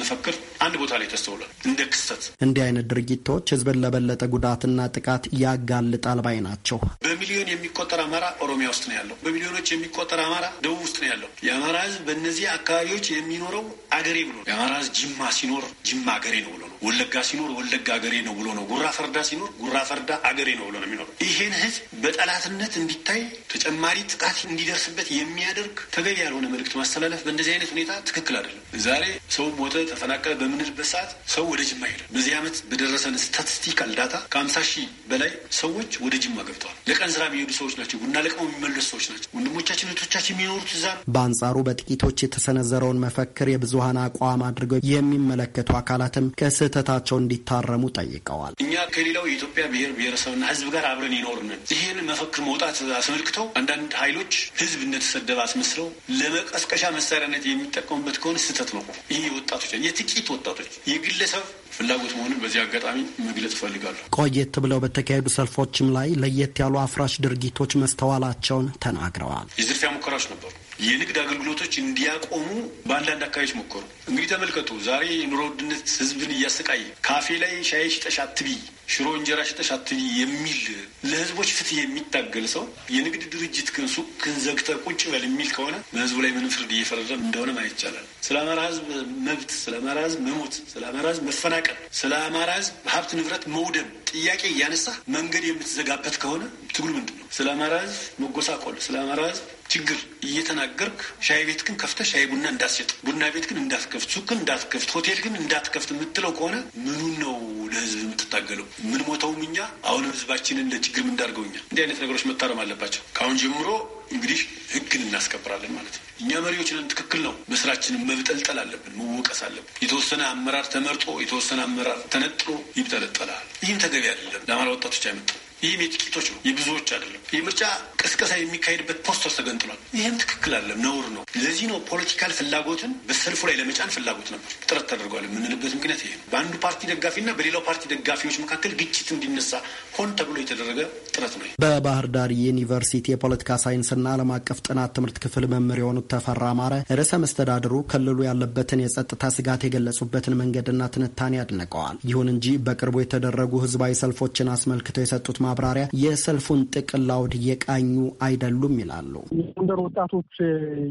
መፈክር አንድ ቦታ ላይ ተስተውሏል። እንደ ክስተት እንዲህ አይነት ድርጊቶች ህዝብን ለበለጠ ጉዳትና ጥቃት ያጋልጣል ባይ ናቸው። በሚሊዮን የሚቆጠር አማራ ኦሮሚያ ውስጥ ነው ያለው። በሚሊዮኖች የሚቆጠር አማራ ደቡብ ውስጥ ነው ያለው። የአማራ ህዝብ በእነዚህ አካባቢዎች የሚኖረው አገሬ ብሎ የአማራ ህዝብ ጅማ ሲኖር ጅማ አገሬ ነው ብሎ ወለጋ ሲኖር ወለጋ አገሬ ነው ብሎ ነው፣ ጉራ ፈርዳ ሲኖር ጉራ ፈርዳ አገሬ ነው ብሎ ነው የሚኖረው። ይህን ህዝብ በጠላትነት እንዲታይ ተጨማሪ ጥቃት እንዲደርስበት የሚያደርግ ተገቢ ያልሆነ መልእክት ማስተላለፍ በእንደዚህ አይነት ሁኔታ ትክክል አይደለም። ዛሬ ሰው ሞተ፣ ተፈናቀለ በምንልበት ሰዓት ሰው ወደ ጅማ ሄደ። በዚህ ዓመት በደረሰን ስታቲስቲካል ዳታ ከአምሳ ሺህ በላይ ሰዎች ወደ ጅማ ገብተዋል። ለቀን ስራ የሚሄዱ ሰዎች ናቸው። ቡና ለቅመው የሚመለሱ ሰዎች ናቸው። ወንድሞቻችን እህቶቻችን የሚኖሩት እዛ በአንጻሩ በጥቂቶች የተሰነዘረውን መፈክር የብዙሀን አቋም አድርገው የሚመለከቱ አካላትም ከስ ስህተታቸው እንዲታረሙ ጠይቀዋል። እኛ ከሌላው የኢትዮጵያ ብሔር ብሔረሰብና ህዝብ ጋር አብረን ይኖርነን ይህን መፈክር መውጣት አስመልክተው አንዳንድ ኃይሎች ህዝብ እንደተሰደበ አስመስለው ለመቀስቀሻ መሳሪያነት የሚጠቀሙበት ከሆነ ስህተት ነው። ይህ ወጣቶች የጥቂት ወጣቶች የግለሰብ ፍላጎት መሆኑን በዚህ አጋጣሚ መግለጽ እፈልጋለሁ። ቆየት ብለው በተካሄዱ ሰልፎችም ላይ ለየት ያሉ አፍራሽ ድርጊቶች መስተዋላቸውን ተናግረዋል። የዝርፊያ ሙከራዎች ነበሩ። የንግድ አገልግሎቶች እንዲያቆሙ በአንዳንድ አካባቢዎች ሞከሩ። እንግዲህ ተመልከቱ፣ ዛሬ ኑሮ ውድነት ህዝብን እያሰቃየ ካፌ ላይ ሻይ ሽጠሽ አትቢ፣ ሽሮ እንጀራ ሽጠሽ አትቢ የሚል ለህዝቦች ፍትህ የሚታገል ሰው የንግድ ድርጅት ግን ሱቅህን ዘግተህ ቁጭ በል የሚል ከሆነ በህዝቡ ላይ ምንም ፍርድ እየፈረደ እንደሆነ ማየት ይቻላል። ስለ አማራ ህዝብ መብት፣ ስለ አማራ ህዝብ መሞት፣ ስለ አማራ ህዝብ መፈናቀል፣ ስለ አማራ ህዝብ ሀብት ንብረት መውደም ጥያቄ እያነሳ መንገድ የምትዘጋበት ከሆነ ትግሉ ምንድን ነው? ስለ አማራ ህዝብ መጎሳቆል፣ ስለ አማራ ህዝብ ችግር እየተናገርክ ሻይ ቤት ግን ከፍተህ ሻይ ቡና እንዳትሸጥ፣ ቡና ቤት ግን እንዳትከፍት፣ ሱቅ ግን እንዳትከፍት፣ ሆቴል ግን እንዳትከፍት የምትለው ከሆነ ምኑን ነው ለህዝብ የምትታገለው? ምን ሞተውም እኛ አሁንም ህዝባችንን ለችግር ምንዳርገውኛ። እኛ። እንዲህ አይነት ነገሮች መታረም አለባቸው። ከአሁን ጀምሮ እንግዲህ ህግን እናስከብራለን ማለት ነው። እኛ ነን፣ ትክክል ነው። መስራችንን መብጠልጠል አለብን፣ መወቀስ አለብን። የተወሰነ አመራር ተመርጦ የተወሰነ አመራር ተነጥሎ ይብጠለጠላል። ይህም ተገቢ አይደለም። ለአማራ ወጣቶች አይመጣም። ይህም የጥቂቶች ነው፣ የብዙዎች አይደለም። የምርጫ ቅስቀሳ የሚካሄድበት ፖስተር ተገንጥሏል። ይህም ትክክል አለም ነውር ነው። ለዚህ ነው ፖለቲካል ፍላጎትን በሰልፉ ላይ ለመጫን ፍላጎት ነበር ጥረት ተደርጓል የምንልበት ምክንያት ይሄ ነው። በአንዱ ፓርቲ ደጋፊና በሌላው ፓርቲ ደጋፊዎች መካከል ግጭት እንዲነሳ ሆን ተብሎ የተደረገ ጥረት ነው። በባህር ዳር ዩኒቨርሲቲ የፖለቲካ ሳይንስና ዓለም አቀፍ ጥናት ትምህርት ክፍል መምህር የሆኑት ተፈራ ማረ ርዕሰ መስተዳድሩ ክልሉ ያለበትን የጸጥታ ስጋት የገለጹበትን መንገድና ትንታኔ አድንቀዋል። ይሁን እንጂ በቅርቡ የተደረጉ ህዝባዊ ሰልፎችን አስመልክተው የሰጡት ማብራሪያ የሰልፉን ጥቅል አውድ የቃኙ አይደሉም ይላሉ። የጎንደር ወጣቶች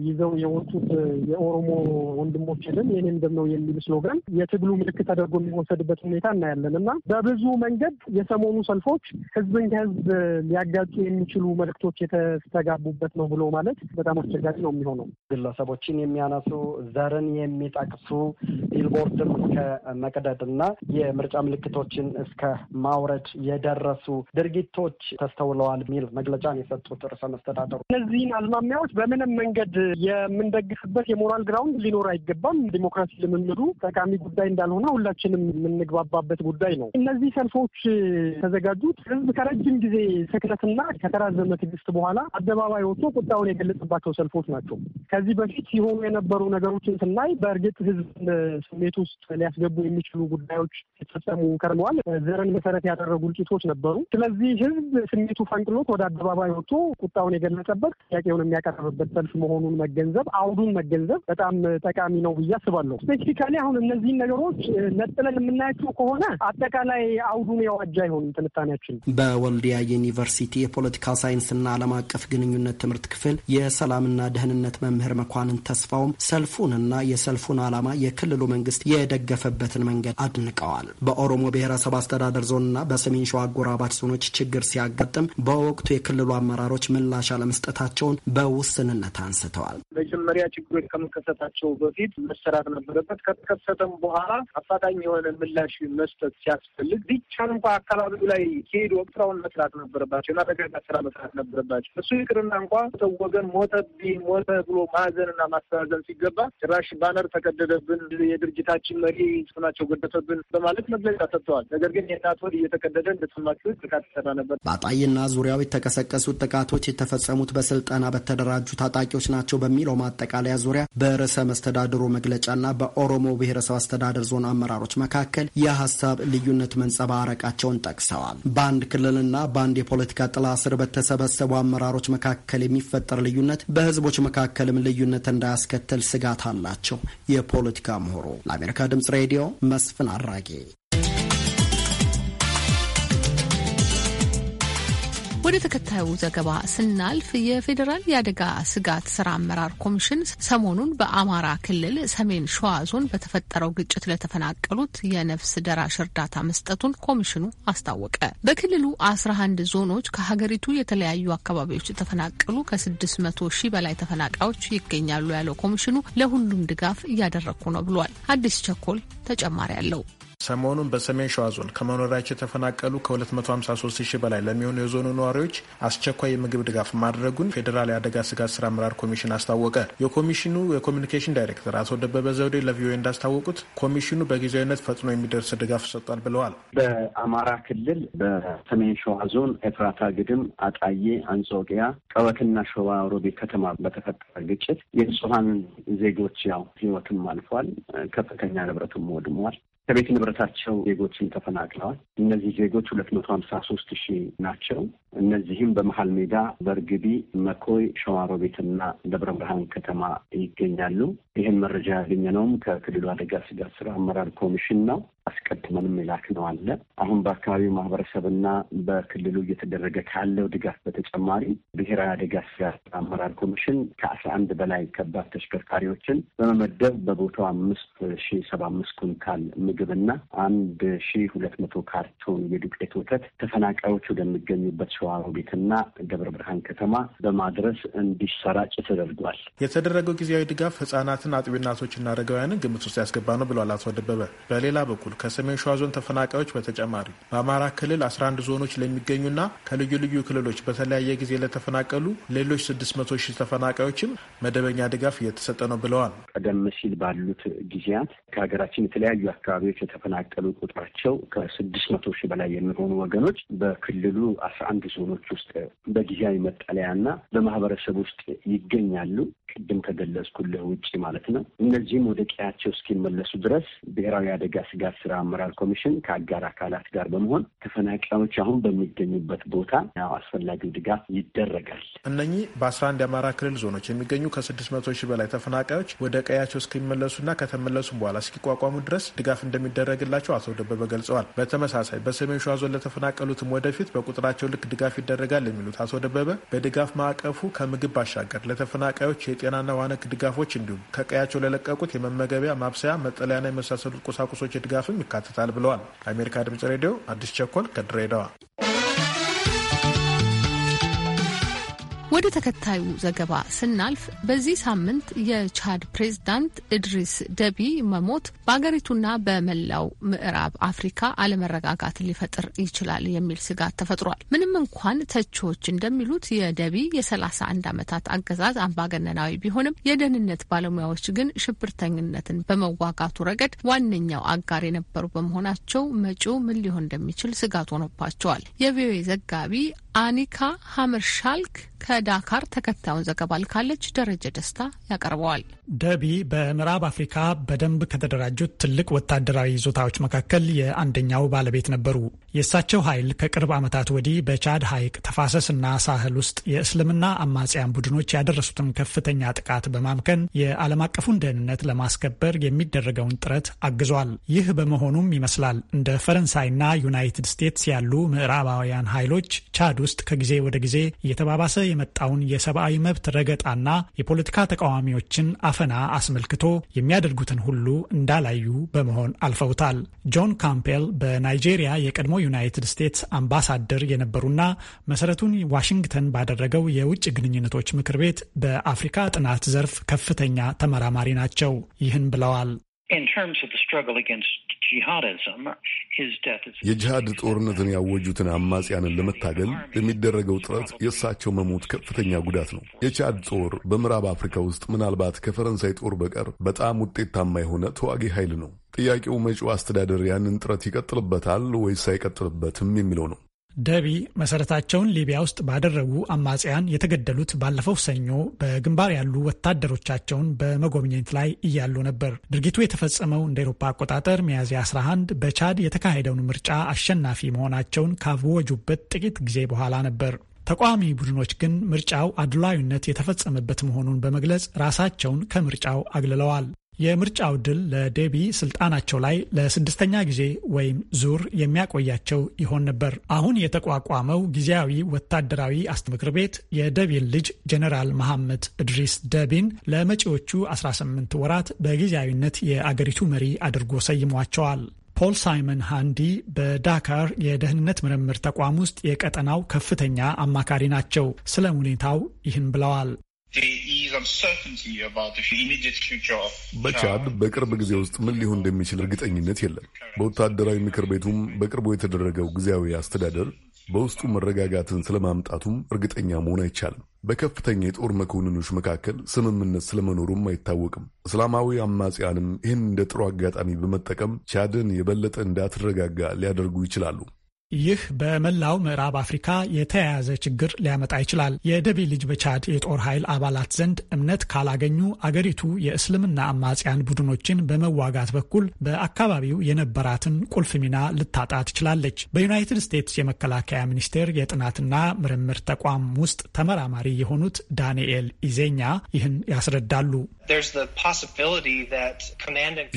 ይዘው የወጡት የኦሮሞ ወንድሞችንም የኔም ደም ነው የሚል ስሎጋን የትግሉ ምልክት ተደርጎ የሚወሰድበት ሁኔታ እናያለን እና በብዙ መንገድ የሰሞኑ ሰልፎች ህዝብን ከህዝብ ሊያጋጩ የሚችሉ መልእክቶች የተስተጋቡበት ነው ብሎ ማለት በጣም አስቸጋሪ ነው የሚሆነው። ግለሰቦችን የሚያነሱ ዘርን የሚጠቅሱ ቢልቦርድም እስከ መቅደድ እና የምርጫ ምልክቶችን እስከ ማውረድ የደረሱ ድር ድርጊቶች ተስተውለዋል የሚል መግለጫን የሰጡት ርዕሰ መስተዳደሩ እነዚህን አዝማሚያዎች በምንም መንገድ የምንደግፍበት የሞራል ግራውንድ ሊኖር አይገባም። ዲሞክራሲ ልምምዱ ጠቃሚ ጉዳይ እንዳልሆነ ሁላችንም የምንግባባበት ጉዳይ ነው። እነዚህ ሰልፎች ተዘጋጁት ህዝብ ከረጅም ጊዜ ስክነትና ከተራዘመ ትዕግስት በኋላ አደባባይ ወጥቶ ቁጣውን የገለጽባቸው ሰልፎች ናቸው። ከዚህ በፊት ሲሆኑ የነበሩ ነገሮችን ስናይ በእርግጥ ህዝብ ስሜት ውስጥ ሊያስገቡ የሚችሉ ጉዳዮች ሲፈጸሙ ከርመዋል። ዘርን መሰረት ያደረጉ እልቂቶች ነበሩ። ስለዚህ ስለዚህ ህዝብ ስሜቱ ፈንቅሎት ወደ አደባባይ ወጥቶ ቁጣውን የገለጸበት ጥያቄውን የሚያቀርብበት ሰልፍ መሆኑን መገንዘብ፣ አውዱን መገንዘብ በጣም ጠቃሚ ነው ብዬ አስባለሁ። ስፔሲፊካሊ አሁን እነዚህን ነገሮች ነጥለን የምናያቸው ከሆነ አጠቃላይ አውዱን የዋጃ አይሆንም ትንታኔያችን። በወልዲያ ዩኒቨርሲቲ የፖለቲካ ሳይንስና ዓለም አቀፍ ግንኙነት ትምህርት ክፍል የሰላምና ደህንነት መምህር መኳንን ተስፋውም ሰልፉንና የሰልፉን ዓላማ የክልሉ መንግስት የደገፈበትን መንገድ አድንቀዋል። በኦሮሞ ብሔረሰብ አስተዳደር ዞንና በሰሜን ሸዋ አጎራባች ዞኖች ችግር ሲያጋጥም በወቅቱ የክልሉ አመራሮች ምላሽ አለመስጠታቸውን በውስንነት አንስተዋል። መጀመሪያ ችግሮች ከመከሰታቸው በፊት መሰራት ነበረበት። ከተከሰተም በኋላ አፋጣኝ የሆነ ምላሽ መስጠት ሲያስፈልግ ብቻ እንኳ አካባቢው ላይ ሲሄዱ ስራውን መስራት ነበረባቸው እና ተገጋ ስራ መስራት ነበረባቸው። እሱ ይቅርና እንኳ ሰው ወገን ሞተብኝ ሞተ ብሎ ማዘንና ማስተዛዘን ሲገባ ጭራሽ ባነር ተቀደደብን፣ የድርጅታችን መሪ ስማቸው ገደፈብን በማለት መግለጫ ሰጥተዋል። ነገር ግን የእናት ወድ እየተቀደደ እንደሰማችሁት ጥቃት ነበር። በአጣይና ዙሪያው የተቀሰቀሱት ጥቃቶች የተፈጸሙት በስልጠና በተደራጁ ታጣቂዎች ናቸው በሚለው ማጠቃለያ ዙሪያ በርዕሰ መስተዳድሩ መግለጫና በኦሮሞ ብሔረሰብ አስተዳደር ዞን አመራሮች መካከል የሀሳብ ልዩነት መንጸባረቃቸውን ጠቅሰዋል። በአንድ ክልልና በአንድ የፖለቲካ ጥላ ስር በተሰበሰቡ አመራሮች መካከል የሚፈጠር ልዩነት በህዝቦች መካከልም ልዩነት እንዳያስከትል ስጋት አላቸው የፖለቲካ ምሁሩ። ለአሜሪካ ድምጽ ሬዲዮ መስፍን አራጌ ወደ ተከታዩ ዘገባ ስናልፍ የፌዴራል የአደጋ ስጋት ስራ አመራር ኮሚሽን ሰሞኑን በአማራ ክልል ሰሜን ሸዋ ዞን በተፈጠረው ግጭት ለተፈናቀሉት የነፍስ ደራሽ እርዳታ መስጠቱን ኮሚሽኑ አስታወቀ። በክልሉ አስራ አንድ ዞኖች ከሀገሪቱ የተለያዩ አካባቢዎች የተፈናቀሉ ከስድስት መቶ ሺህ በላይ ተፈናቃዮች ይገኛሉ ያለው ኮሚሽኑ ለሁሉም ድጋፍ እያደረግኩ ነው ብሏል። አዲስ ቸኮል ተጨማሪ አለው። ሰሞኑን በሰሜን ሸዋ ዞን ከመኖሪያቸው የተፈናቀሉ ከ253 ሺህ በላይ ለሚሆኑ የዞኑ ነዋሪዎች አስቸኳይ የምግብ ድጋፍ ማድረጉን ፌዴራል የአደጋ ስጋት ስራ አመራር ኮሚሽን አስታወቀ። የኮሚሽኑ የኮሚኒኬሽን ዳይሬክተር አቶ ደበበ ዘውዴ ለቪኦኤ እንዳስታወቁት ኮሚሽኑ በጊዜያዊነት ፈጥኖ የሚደርስ ድጋፍ ሰጥቷል ብለዋል። በአማራ ክልል በሰሜን ሸዋ ዞን ኤፍራታ ግድም፣ አጣዬ፣ አንጾቅያ፣ ቀበትና ሸዋ ሮቤ ከተማ በተፈጠረ ግጭት የንጹሀን ዜጎች ያው ህይወትም አልፏል። ከፍተኛ ንብረትም ወድሟል። ከቤት ንብረ መሰረታቸው ዜጎችም ተፈናቅለዋል። እነዚህ ዜጎች ሁለት መቶ ሀምሳ ሶስት ሺህ ናቸው። እነዚህም በመሀል ሜዳ፣ በእርግቢ፣ መኮይ፣ ሸዋሮ ቤትና ደብረ ብርሃን ከተማ ይገኛሉ። ይህን መረጃ ያገኘነውም ከክልሉ አደጋ ስጋት ስራ አመራር ኮሚሽን ነው። አስቀድመንም የላክ ነው አለ። አሁን በአካባቢው ማህበረሰብና በክልሉ እየተደረገ ካለው ድጋፍ በተጨማሪ ብሔራዊ አደጋ ስጋት አመራር ኮሚሽን ከአስራ አንድ በላይ ከባድ ተሽከርካሪዎችን በመመደብ በቦታው አምስት ሺ ሰባ አምስት ኩንታል ምግብና አንድ ሺ ሁለት መቶ ካርቶን የዱቄት ወተት ተፈናቃዮች ወደሚገኙበት ሸዋሮ ሸዋሮቢትና ደብረ ብርሃን ከተማ በማድረስ እንዲሰራጭ ተደርጓል። የተደረገው ጊዜያዊ ድጋፍ ህጻናትን፣ አጥቢ እናቶችና አረጋውያንን ግምት ውስጥ ያስገባ ነው ብለዋል አቶ ደበበ። በሌላ በኩል ከሰሜን ሸዋ ዞን ተፈናቃዮች በተጨማሪ በአማራ ክልል 11 ዞኖች ለሚገኙና ከልዩ ልዩ ክልሎች በተለያየ ጊዜ ለተፈናቀሉ ሌሎች 600 ሺህ ተፈናቃዮችም መደበኛ ድጋፍ እየተሰጠ ነው ብለዋል። ቀደም ሲል ባሉት ጊዜያት ከሀገራችን የተለያዩ አካባቢዎች የተፈናቀሉ ቁጥራቸው ከ600 ሺህ በላይ የሚሆኑ ወገኖች በክልሉ 11 ዞኖች ውስጥ በጊዜያዊ መጠለያና በማህበረሰብ ውስጥ ይገኛሉ። ቅድም ከገለጽኩልህ ውጭ ማለት ነው። እነዚህም ወደ ቀያቸው እስኪመለሱ ድረስ ብሔራዊ አደጋ ስጋት ስራ አመራር ኮሚሽን ከአጋር አካላት ጋር በመሆን ተፈናቃዮች አሁን በሚገኙበት ቦታ አስፈላጊው ድጋፍ ይደረጋል። እነኚህ በአስራ አንድ የአማራ ክልል ዞኖች የሚገኙ ከስድስት መቶ ሺህ በላይ ተፈናቃዮች ወደ ቀያቸው እስኪመለሱና ከተመለሱም በኋላ እስኪቋቋሙ ድረስ ድጋፍ እንደሚደረግላቸው አቶ ደበበ ገልጸዋል። በተመሳሳይ በሰሜን ሸዋ ዞን ለተፈናቀሉትም ወደፊት በቁጥራቸው ልክ ድጋፍ ይደረጋል የሚሉት አቶ ደበበ በድጋፍ ማዕቀፉ ከምግብ ባሻገር ለተፈናቃዮች የጤናና ዋነክ ድጋፎች እንዲሁም ከቀያቸው ለለቀቁት የመመገቢያ፣ ማብሰያ፣ መጠለያና የመሳሰሉት ቁሳቁሶች ድጋፍ ስርዓቱም ይካተታል ብለዋል። ለአሜሪካ ድምጽ ሬዲዮ አዲስ ቸኮል ከድሬዳዋ ወደ ተከታዩ ዘገባ ስናልፍ በዚህ ሳምንት የቻድ ፕሬዝዳንት እድሪስ ደቢ መሞት በአገሪቱና በመላው ምዕራብ አፍሪካ አለመረጋጋትን ሊፈጥር ይችላል የሚል ስጋት ተፈጥሯል። ምንም እንኳን ተቺዎች እንደሚሉት የደቢ የ31 ዓመታት አገዛዝ አምባገነናዊ ቢሆንም የደህንነት ባለሙያዎች ግን ሽብርተኝነትን በመዋጋቱ ረገድ ዋነኛው አጋር የነበሩ በመሆናቸው መጪው ምን ሊሆን እንደሚችል ስጋት ሆኖባቸዋል። የቪኦኤ ዘጋቢ አኒካ ሀምርሻልክ ከዳካር ተከታዩን ዘገባ ልካለች። ደረጀ ደስታ ያቀርበዋል። ደቢ በምዕራብ አፍሪካ በደንብ ከተደራጁት ትልቅ ወታደራዊ ይዞታዎች መካከል የአንደኛው ባለቤት ነበሩ። የእሳቸው ኃይል ከቅርብ ዓመታት ወዲህ በቻድ ሐይቅ ተፋሰስና ሳህል ውስጥ የእስልምና አማጽያን ቡድኖች ያደረሱትን ከፍተኛ ጥቃት በማምከን የዓለም አቀፉን ደህንነት ለማስከበር የሚደረገውን ጥረት አግዟል። ይህ በመሆኑም ይመስላል እንደ ፈረንሳይና ዩናይትድ ስቴትስ ያሉ ምዕራባውያን ኃይሎች ቻ ውስጥ ከጊዜ ወደ ጊዜ እየተባባሰ የመጣውን የሰብአዊ መብት ረገጣና የፖለቲካ ተቃዋሚዎችን አፈና አስመልክቶ የሚያደርጉትን ሁሉ እንዳላዩ በመሆን አልፈውታል። ጆን ካምፔል በናይጄሪያ የቀድሞ ዩናይትድ ስቴትስ አምባሳደር የነበሩና መሰረቱን ዋሽንግተን ባደረገው የውጭ ግንኙነቶች ምክር ቤት በአፍሪካ ጥናት ዘርፍ ከፍተኛ ተመራማሪ ናቸው። ይህን ብለዋል። የጂሃድ ጦርነትን ያወጁትን አማጽያንን ለመታገል የሚደረገው ጥረት የእሳቸው መሞት ከፍተኛ ጉዳት ነው። የቻድ ጦር በምዕራብ አፍሪካ ውስጥ ምናልባት ከፈረንሳይ ጦር በቀር በጣም ውጤታማ የሆነ ተዋጊ ኃይል ነው። ጥያቄው መጪው አስተዳደር ያንን ጥረት ይቀጥልበታል ወይስ አይቀጥልበትም የሚለው ነው። ደቢ መሰረታቸውን ሊቢያ ውስጥ ባደረጉ አማጽያን የተገደሉት ባለፈው ሰኞ በግንባር ያሉ ወታደሮቻቸውን በመጎብኘት ላይ እያሉ ነበር። ድርጊቱ የተፈጸመው እንደ ኤሮፓ አቆጣጠር ሚያዝያ 11 በቻድ የተካሄደውን ምርጫ አሸናፊ መሆናቸውን ካወጁበት ጥቂት ጊዜ በኋላ ነበር። ተቃዋሚ ቡድኖች ግን ምርጫው አድሏዊነት የተፈጸመበት መሆኑን በመግለጽ ራሳቸውን ከምርጫው አግልለዋል። የምርጫው ድል ለዴቢ ስልጣናቸው ላይ ለስድስተኛ ጊዜ ወይም ዙር የሚያቆያቸው ይሆን ነበር። አሁን የተቋቋመው ጊዜያዊ ወታደራዊ አስተዳደር ምክር ቤት የደቢን ልጅ ጀኔራል መሐመድ እድሪስ ደቢን ለመጪዎቹ 18 ወራት በጊዜያዊነት የአገሪቱ መሪ አድርጎ ሰይሟቸዋል። ፖል ሳይመን ሃንዲ በዳካር የደህንነት ምርምር ተቋም ውስጥ የቀጠናው ከፍተኛ አማካሪ ናቸው። ስለ ሁኔታው ይህን ብለዋል። በቻድ በቅርብ ጊዜ ውስጥ ምን ሊሆን እንደሚችል እርግጠኝነት የለም። በወታደራዊ ምክር ቤቱም በቅርቡ የተደረገው ጊዜያዊ አስተዳደር በውስጡ መረጋጋትን ስለማምጣቱም እርግጠኛ መሆን አይቻልም። በከፍተኛ የጦር መኮንኖች መካከል ስምምነት ስለመኖሩም አይታወቅም። እስላማዊ አማጽያንም ይህን እንደ ጥሩ አጋጣሚ በመጠቀም ቻድን የበለጠ እንዳትረጋጋ ሊያደርጉ ይችላሉ። ይህ በመላው ምዕራብ አፍሪካ የተያያዘ ችግር ሊያመጣ ይችላል። የደቢ ልጅ በቻድ የጦር ኃይል አባላት ዘንድ እምነት ካላገኙ አገሪቱ የእስልምና አማጽያን ቡድኖችን በመዋጋት በኩል በአካባቢው የነበራትን ቁልፍ ሚና ልታጣ ትችላለች። በዩናይትድ ስቴትስ የመከላከያ ሚኒስቴር የጥናትና ምርምር ተቋም ውስጥ ተመራማሪ የሆኑት ዳንኤል ኢዜኛ ይህን ያስረዳሉ።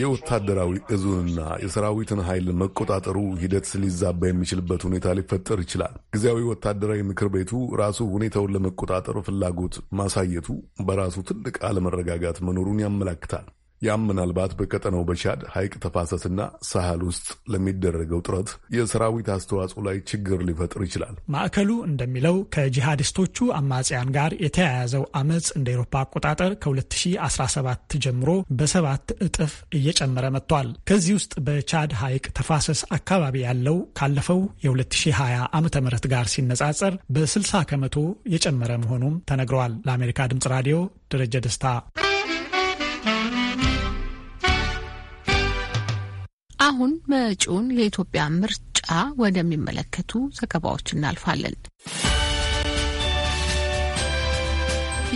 የወታደራዊ እዙንና የሰራዊትን ኃይል መቆጣጠሩ ሂደት ሊዛባ የሚችልበት ሁኔታ ሊፈጠር ይችላል። ጊዜያዊ ወታደራዊ ምክር ቤቱ ራሱ ሁኔታውን ለመቆጣጠር ፍላጎት ማሳየቱ በራሱ ትልቅ አለመረጋጋት መኖሩን ያመላክታል። ያም ምናልባት በቀጠናው በቻድ ሐይቅ ተፋሰስና ሳህል ውስጥ ለሚደረገው ጥረት የሰራዊት አስተዋጽኦ ላይ ችግር ሊፈጥር ይችላል። ማዕከሉ እንደሚለው ከጂሃዲስቶቹ አማጽያን ጋር የተያያዘው አመፅ እንደ ኤሮፓ አቆጣጠር ከ2017 ጀምሮ በሰባት እጥፍ እየጨመረ መጥቷል። ከዚህ ውስጥ በቻድ ሐይቅ ተፋሰስ አካባቢ ያለው ካለፈው የ2020 ዓ ም ጋር ሲነጻጸር በ60 ከመቶ የጨመረ መሆኑም ተነግረዋል። ለአሜሪካ ድምጽ ራዲዮ ደረጀ ደስታ አሁን መጪውን የኢትዮጵያ ምርጫ ወደሚመለከቱ ዘገባዎች እናልፋለን።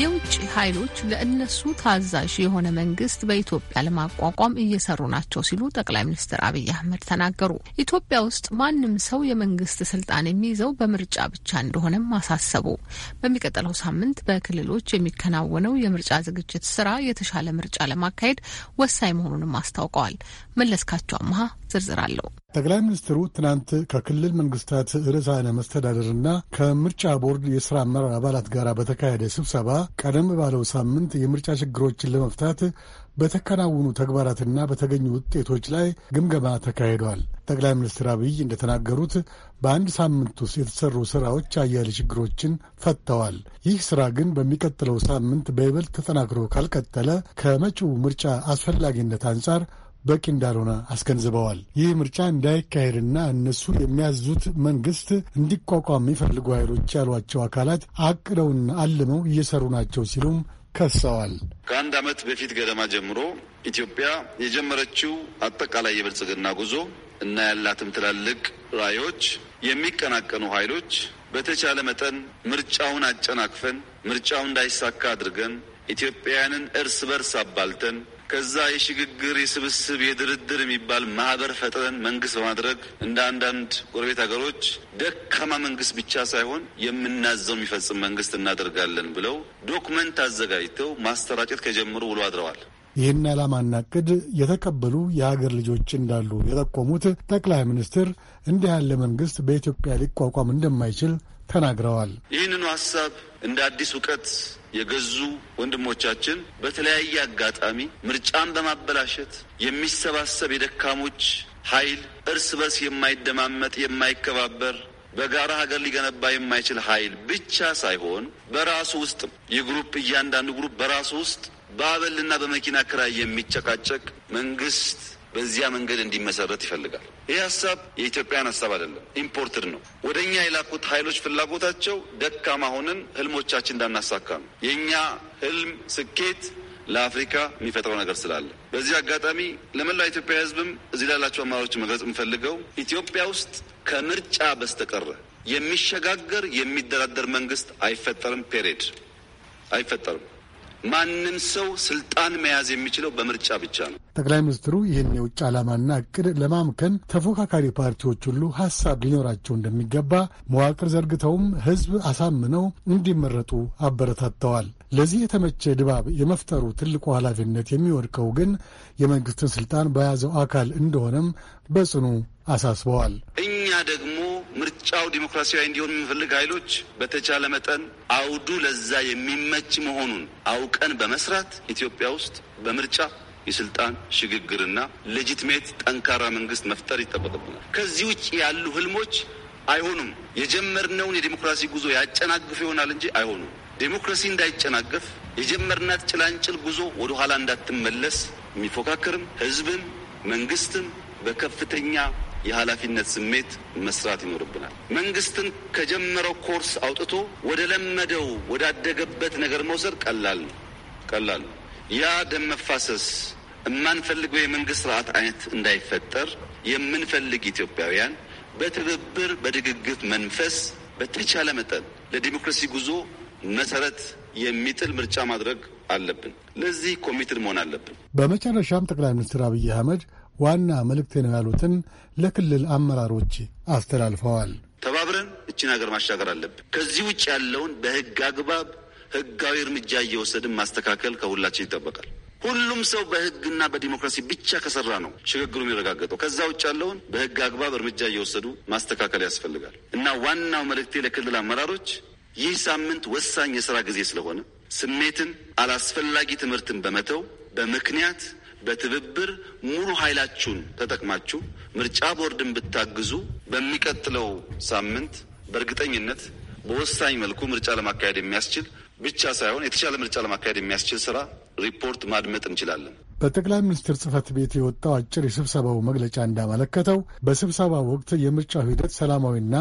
የውጭ ኃይሎች ለእነሱ ታዛዥ የሆነ መንግስት በኢትዮጵያ ለማቋቋም እየሰሩ ናቸው ሲሉ ጠቅላይ ሚኒስትር አብይ አህመድ ተናገሩ። ኢትዮጵያ ውስጥ ማንም ሰው የመንግስት ስልጣን የሚይዘው በምርጫ ብቻ እንደሆነም አሳሰቡ። በሚቀጥለው ሳምንት በክልሎች የሚከናወነው የምርጫ ዝግጅት ስራ የተሻለ ምርጫ ለማካሄድ ወሳኝ መሆኑንም አስታውቀዋል። መለስካቸው አምሃ ዝርዝር አለው። ጠቅላይ ሚኒስትሩ ትናንት ከክልል መንግስታት ርዕሳነ መስተዳደርና ከምርጫ ቦርድ የሥራ አመራር አባላት ጋር በተካሄደ ስብሰባ ቀደም ባለው ሳምንት የምርጫ ችግሮችን ለመፍታት በተከናወኑ ተግባራትና በተገኙ ውጤቶች ላይ ግምገማ ተካሂዷል። ጠቅላይ ሚኒስትር አብይ እንደተናገሩት በአንድ ሳምንት ውስጥ የተሰሩ ስራዎች አያሌ ችግሮችን ፈትተዋል። ይህ ስራ ግን በሚቀጥለው ሳምንት በይበልጥ ተጠናክሮ ካልቀጠለ ከመጪው ምርጫ አስፈላጊነት አንጻር በቂ እንዳልሆነ አስገንዝበዋል። ይህ ምርጫ እንዳይካሄድና እነሱ የሚያዙት መንግስት እንዲቋቋም የሚፈልጉ ኃይሎች ያሏቸው አካላት አቅደውና አልመው እየሰሩ ናቸው ሲሉም ከሰዋል። ከአንድ ዓመት በፊት ገደማ ጀምሮ ኢትዮጵያ የጀመረችው አጠቃላይ የብልጽግና ጉዞ እና ያላትም ትላልቅ ራዕዮች የሚቀናቀኑ ኃይሎች በተቻለ መጠን ምርጫውን አጨናቅፈን ምርጫው እንዳይሳካ አድርገን ኢትዮጵያውያንን እርስ በርስ አባልተን ከዛ የሽግግር የስብስብ የድርድር የሚባል ማህበር ፈጥረን መንግስት በማድረግ እንደ አንዳንድ ጎረቤት ሀገሮች ደካማ መንግስት ብቻ ሳይሆን የምናዘው የሚፈጽም መንግስት እናደርጋለን ብለው ዶክመንት አዘጋጅተው ማሰራጨት ከጀምሩ ውሎ አድረዋል። ይህን ዓላማና ዕቅድ የተቀበሉ የሀገር ልጆች እንዳሉ የጠቆሙት ጠቅላይ ሚኒስትር እንዲህ ያለ መንግስት በኢትዮጵያ ሊቋቋም እንደማይችል ተናግረዋል። ይህንኑ ሀሳብ እንደ አዲስ እውቀት የገዙ ወንድሞቻችን በተለያየ አጋጣሚ ምርጫን በማበላሸት የሚሰባሰብ የደካሞች ኃይል እርስ በርስ የማይደማመጥ የማይከባበር በጋራ ሀገር ሊገነባ የማይችል ኃይል ብቻ ሳይሆን በራሱ ውስጥ የግሩፕ እያንዳንዱ ግሩፕ በራሱ ውስጥ በአበልና በመኪና ክራይ የሚጨቃጨቅ መንግስት በዚያ መንገድ እንዲመሰረት ይፈልጋል። ይህ ሀሳብ የኢትዮጵያን ሀሳብ አይደለም፣ ኢምፖርትድ ነው። ወደ እኛ የላኩት ኃይሎች ፍላጎታቸው ደካማ ሆነን ህልሞቻችን እንዳናሳካ ነው። የእኛ ህልም ስኬት ለአፍሪካ የሚፈጥረው ነገር ስላለ በዚህ አጋጣሚ ለመላው ኢትዮጵያ ህዝብም እዚህ ላላቸው አማሮች መግለጽ የምፈልገው ኢትዮጵያ ውስጥ ከምርጫ በስተቀረ የሚሸጋገር የሚደራደር መንግስት አይፈጠርም። ፔሬድ አይፈጠርም። ማንም ሰው ስልጣን መያዝ የሚችለው በምርጫ ብቻ ነው። ጠቅላይ ሚኒስትሩ ይህን የውጭ ዓላማና እቅድ ለማምከን ተፎካካሪ ፓርቲዎች ሁሉ ሀሳብ ሊኖራቸው እንደሚገባ መዋቅር ዘርግተውም ህዝብ አሳምነው እንዲመረጡ አበረታተዋል። ለዚህ የተመቸ ድባብ የመፍጠሩ ትልቁ ኃላፊነት የሚወድቀው ግን የመንግስትን ስልጣን በያዘው አካል እንደሆነም በጽኑ አሳስበዋል። እኛ ደግሞ ምርጫው ዲሞክራሲያዊ እንዲሆን የምንፈልግ ኃይሎች በተቻለ መጠን አውዱ ለዛ የሚመች መሆኑን አውቀን በመስራት ኢትዮጵያ ውስጥ በምርጫ የስልጣን ሽግግርና ሌጂትሜት ጠንካራ መንግስት መፍጠር ይጠበቅብናል። ከዚህ ውጭ ያሉ ህልሞች አይሆኑም። የጀመርነውን የዲሞክራሲ ጉዞ ያጨናግፍ ይሆናል እንጂ አይሆኑም። ዴሞክራሲ እንዳይጨናገፍ የጀመርናት ጭላንጭል ጉዞ ወደ ኋላ እንዳትመለስ የሚፎካከርም ህዝብም መንግስትም በከፍተኛ የኃላፊነት ስሜት መስራት ይኖርብናል። መንግስትን ከጀመረው ኮርስ አውጥቶ ወደ ለመደው ወዳደገበት ነገር መውሰድ ቀላል ነው ቀላል ነው። ያ ደም መፋሰስ የማንፈልገው የመንግስት ስርዓት አይነት እንዳይፈጠር የምንፈልግ ኢትዮጵያውያን በትብብር በድግግት መንፈስ በተቻለ መጠን ለዲሞክራሲ ጉዞ መሰረት የሚጥል ምርጫ ማድረግ አለብን። ለዚህ ኮሚትድ መሆን አለብን። በመጨረሻም ጠቅላይ ሚኒስትር አብይ አህመድ ዋና መልእክቴ ነው ያሉትን ለክልል አመራሮች አስተላልፈዋል። ተባብረን እችን ሀገር ማሻገር አለብን። ከዚህ ውጭ ያለውን በህግ አግባብ ህጋዊ እርምጃ እየወሰድን ማስተካከል ከሁላችን ይጠበቃል። ሁሉም ሰው በህግና በዲሞክራሲ ብቻ ከሰራ ነው ሽግግሩ የሚረጋገጠው። ከዛ ውጭ ያለውን በህግ አግባብ እርምጃ እየወሰዱ ማስተካከል ያስፈልጋል እና ዋናው መልእክቴ ለክልል አመራሮች ይህ ሳምንት ወሳኝ የስራ ጊዜ ስለሆነ ስሜትን፣ አላስፈላጊ ትምህርትን በመተው በምክንያት በትብብር ሙሉ ኃይላችሁን ተጠቅማችሁ ምርጫ ቦርድን ብታግዙ በሚቀጥለው ሳምንት በእርግጠኝነት በወሳኝ መልኩ ምርጫ ለማካሄድ የሚያስችል ብቻ ሳይሆን የተሻለ ምርጫ ለማካሄድ የሚያስችል ስራ ሪፖርት ማድመጥ እንችላለን። በጠቅላይ ሚኒስትር ጽህፈት ቤት የወጣው አጭር የስብሰባው መግለጫ እንዳመለከተው በስብሰባው ወቅት የምርጫው ሂደት ሰላማዊና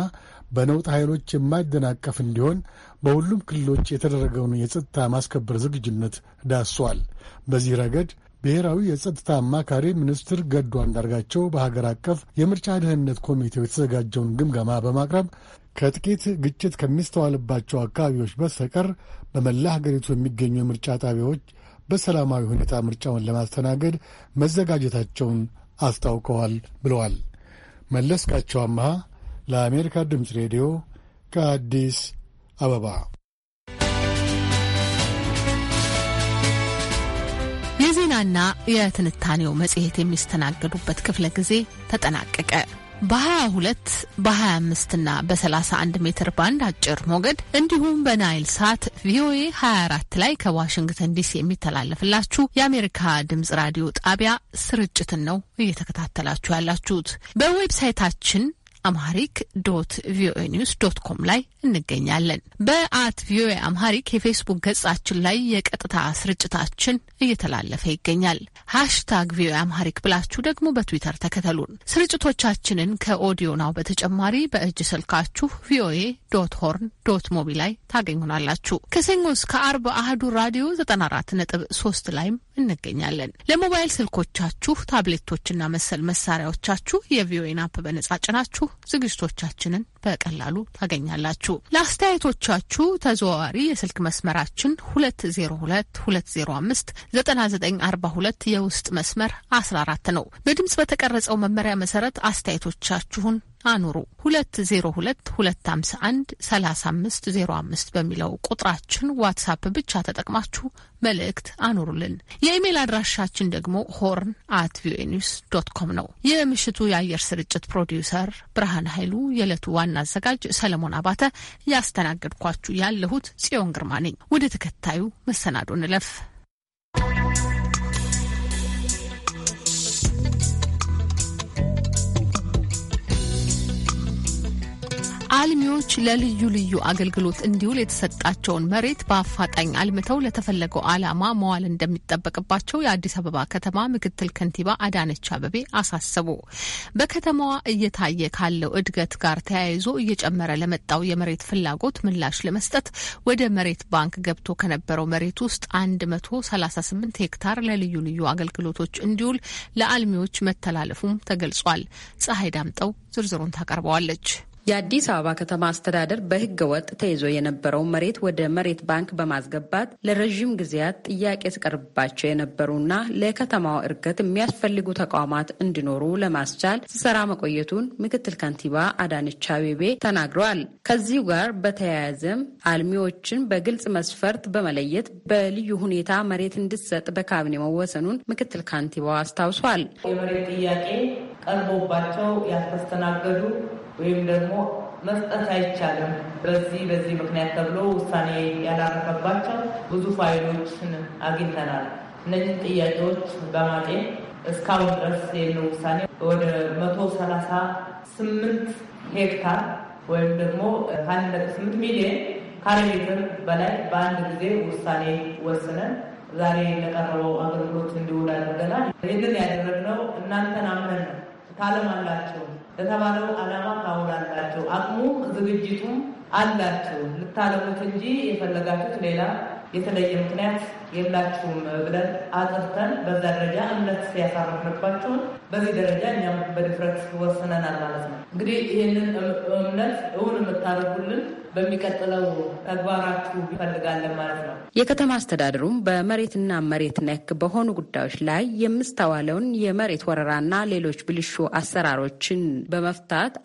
በነውጥ ኃይሎች የማይደናቀፍ እንዲሆን በሁሉም ክልሎች የተደረገውን የጸጥታ ማስከበር ዝግጁነት ዳሷል። በዚህ ረገድ ብሔራዊ የጸጥታ አማካሪ ሚኒስትር ገዱ አንዳርጋቸው በሀገር አቀፍ የምርጫ ደህንነት ኮሚቴው የተዘጋጀውን ግምገማ በማቅረብ ከጥቂት ግጭት ከሚስተዋልባቸው አካባቢዎች በስተቀር በመላ ሀገሪቱ የሚገኙ የምርጫ ጣቢያዎች በሰላማዊ ሁኔታ ምርጫውን ለማስተናገድ መዘጋጀታቸውን አስታውቀዋል ብለዋል። መለስካቸው አምሃ ለአሜሪካ ድምፅ ሬዲዮ ከአዲስ አበባ የዜናና የትንታኔው መጽሔት የሚስተናገዱበት ክፍለ ጊዜ ተጠናቀቀ። በ22 በ25 እና በ31 ሜትር ባንድ አጭር ሞገድ እንዲሁም በናይል ሳት ቪኦኤ 24 ላይ ከዋሽንግተን ዲሲ የሚተላለፍላችሁ የአሜሪካ ድምጽ ራዲዮ ጣቢያ ስርጭትን ነው እየተከታተላችሁ ያላችሁት። በዌብሳይታችን አምሃሪክ ዶት ቪኦኤ ኒውስ ዶት ኮም ላይ እንገኛለን። በአት ቪኦኤ አምሃሪክ የፌስቡክ ገጻችን ላይ የቀጥታ ስርጭታችን እየተላለፈ ይገኛል። ሃሽታግ ቪኦኤ አምሃሪክ ብላችሁ ደግሞ በትዊተር ተከተሉን። ስርጭቶቻችንን ከኦዲዮ ናው በተጨማሪ በእጅ ስልካችሁ ቪኦኤ ዶት ሆርን ዶት ሞቢ ላይ ታገኙናላችሁ። ከሰኞ እስከ አርብ አህዱ ራዲዮ 94.3 ላይም እንገኛለን። ለሞባይል ስልኮቻችሁ ታብሌቶችና መሰል መሳሪያዎቻችሁ የቪኦኤን አፕ በነጻ ጭናችሁ ዝግጅቶቻችንን በቀላሉ ታገኛላችሁ። ለአስተያየቶቻችሁ ተዘዋዋሪ የስልክ መስመራችን 2022059942 የውስጥ መስመር 14 ነው። በድምፅ በተቀረጸው መመሪያ መሰረት አስተያየቶቻችሁን አኑሩ። 2022513505 በሚለው ቁጥራችን ዋትሳፕ ብቻ ተጠቅማችሁ መልእክት አኑሩልን። የኢሜል አድራሻችን ደግሞ ሆርን አት ቪኦኤ ኒውስ ዶት ኮም ነው። የምሽቱ የአየር ስርጭት ፕሮዲውሰር ብርሃን ኃይሉ፣ የዕለቱ ዋና አዘጋጅ ሰለሞን አባተ፣ ያስተናገድኳችሁ ያለሁት ጽዮን ግርማ ነኝ። ወደ ተከታዩ መሰናዶ እንለፍ። አልሚዎች ለልዩ ልዩ አገልግሎት እንዲውል የተሰጣቸውን መሬት በአፋጣኝ አልምተው ለተፈለገው ዓላማ መዋል እንደሚጠበቅባቸው የአዲስ አበባ ከተማ ምክትል ከንቲባ አዳነች አበቤ አሳሰቡ። በከተማዋ እየታየ ካለው እድገት ጋር ተያይዞ እየጨመረ ለመጣው የመሬት ፍላጎት ምላሽ ለመስጠት ወደ መሬት ባንክ ገብቶ ከነበረው መሬት ውስጥ 138 ሄክታር ለልዩ ልዩ አገልግሎቶች እንዲውል ለአልሚዎች መተላለፉም ተገልጿል። ፀሐይ ዳምጠው ዝርዝሩን ታቀርበዋለች። የአዲስ አበባ ከተማ አስተዳደር በህገ ወጥ ተይዞ የነበረውን መሬት ወደ መሬት ባንክ በማስገባት ለረዥም ጊዜያት ጥያቄ ሲቀርብባቸው የነበሩና ለከተማው እርገት የሚያስፈልጉ ተቋማት እንዲኖሩ ለማስቻል ሲሰራ መቆየቱን ምክትል ከንቲባ አዳነች አቤቤ ተናግረዋል። ከዚሁ ጋር በተያያዘም አልሚዎችን በግልጽ መስፈርት በመለየት በልዩ ሁኔታ መሬት እንድትሰጥ በካቢኔ መወሰኑን ምክትል ከንቲባው አስታውሷል። የመሬት ጥያቄ ቀርቦባቸው ያስተስተናገዱ ወይም ደግሞ መስጠት አይቻልም በዚህ በዚህ ምክንያት ተብሎ ውሳኔ ያላረፈባቸው ብዙ ፋይሎችን አግኝተናል። እነዚህን ጥያቄዎች በማጤ እስካሁን ድረስ ያለው ውሳኔ ወደ መቶ ሰላሳ ስምንት ሄክታር ወይም ደግሞ ከአንድ ነጥብ ስምንት ሚሊዮን ካሬ ሜትር በላይ በአንድ ጊዜ ውሳኔ ወስነን ዛሬ ለቀረበው አገልግሎት እንዲውል አድርገናል። ይህንን ያደረግነው እናንተን አምነን ነው። ታለም ለተባለው ዓላማ ታውላላችሁ። አቅሙም ዝግጅቱም አላችሁ ልታለሙት እንጂ የፈለጋችሁት ሌላ የተለየ ምክንያት የላችሁም ብለን አጥርተን በዛ ደረጃ እምነት ያሳረፍንባቸውን በዚህ ደረጃ እኛም በድፍረት ወስነናል ማለት ነው። እንግዲህ ይህንን እምነት እውን የምታደርጉልን በሚቀጥለው ተግባራችሁ ይፈልጋለን ማለት ነው። የከተማ አስተዳደሩም በመሬትና መሬት ነክ በሆኑ ጉዳዮች ላይ የምስተዋለውን የመሬት ወረራና ሌሎች ብልሹ አሰራሮችን በመፍታት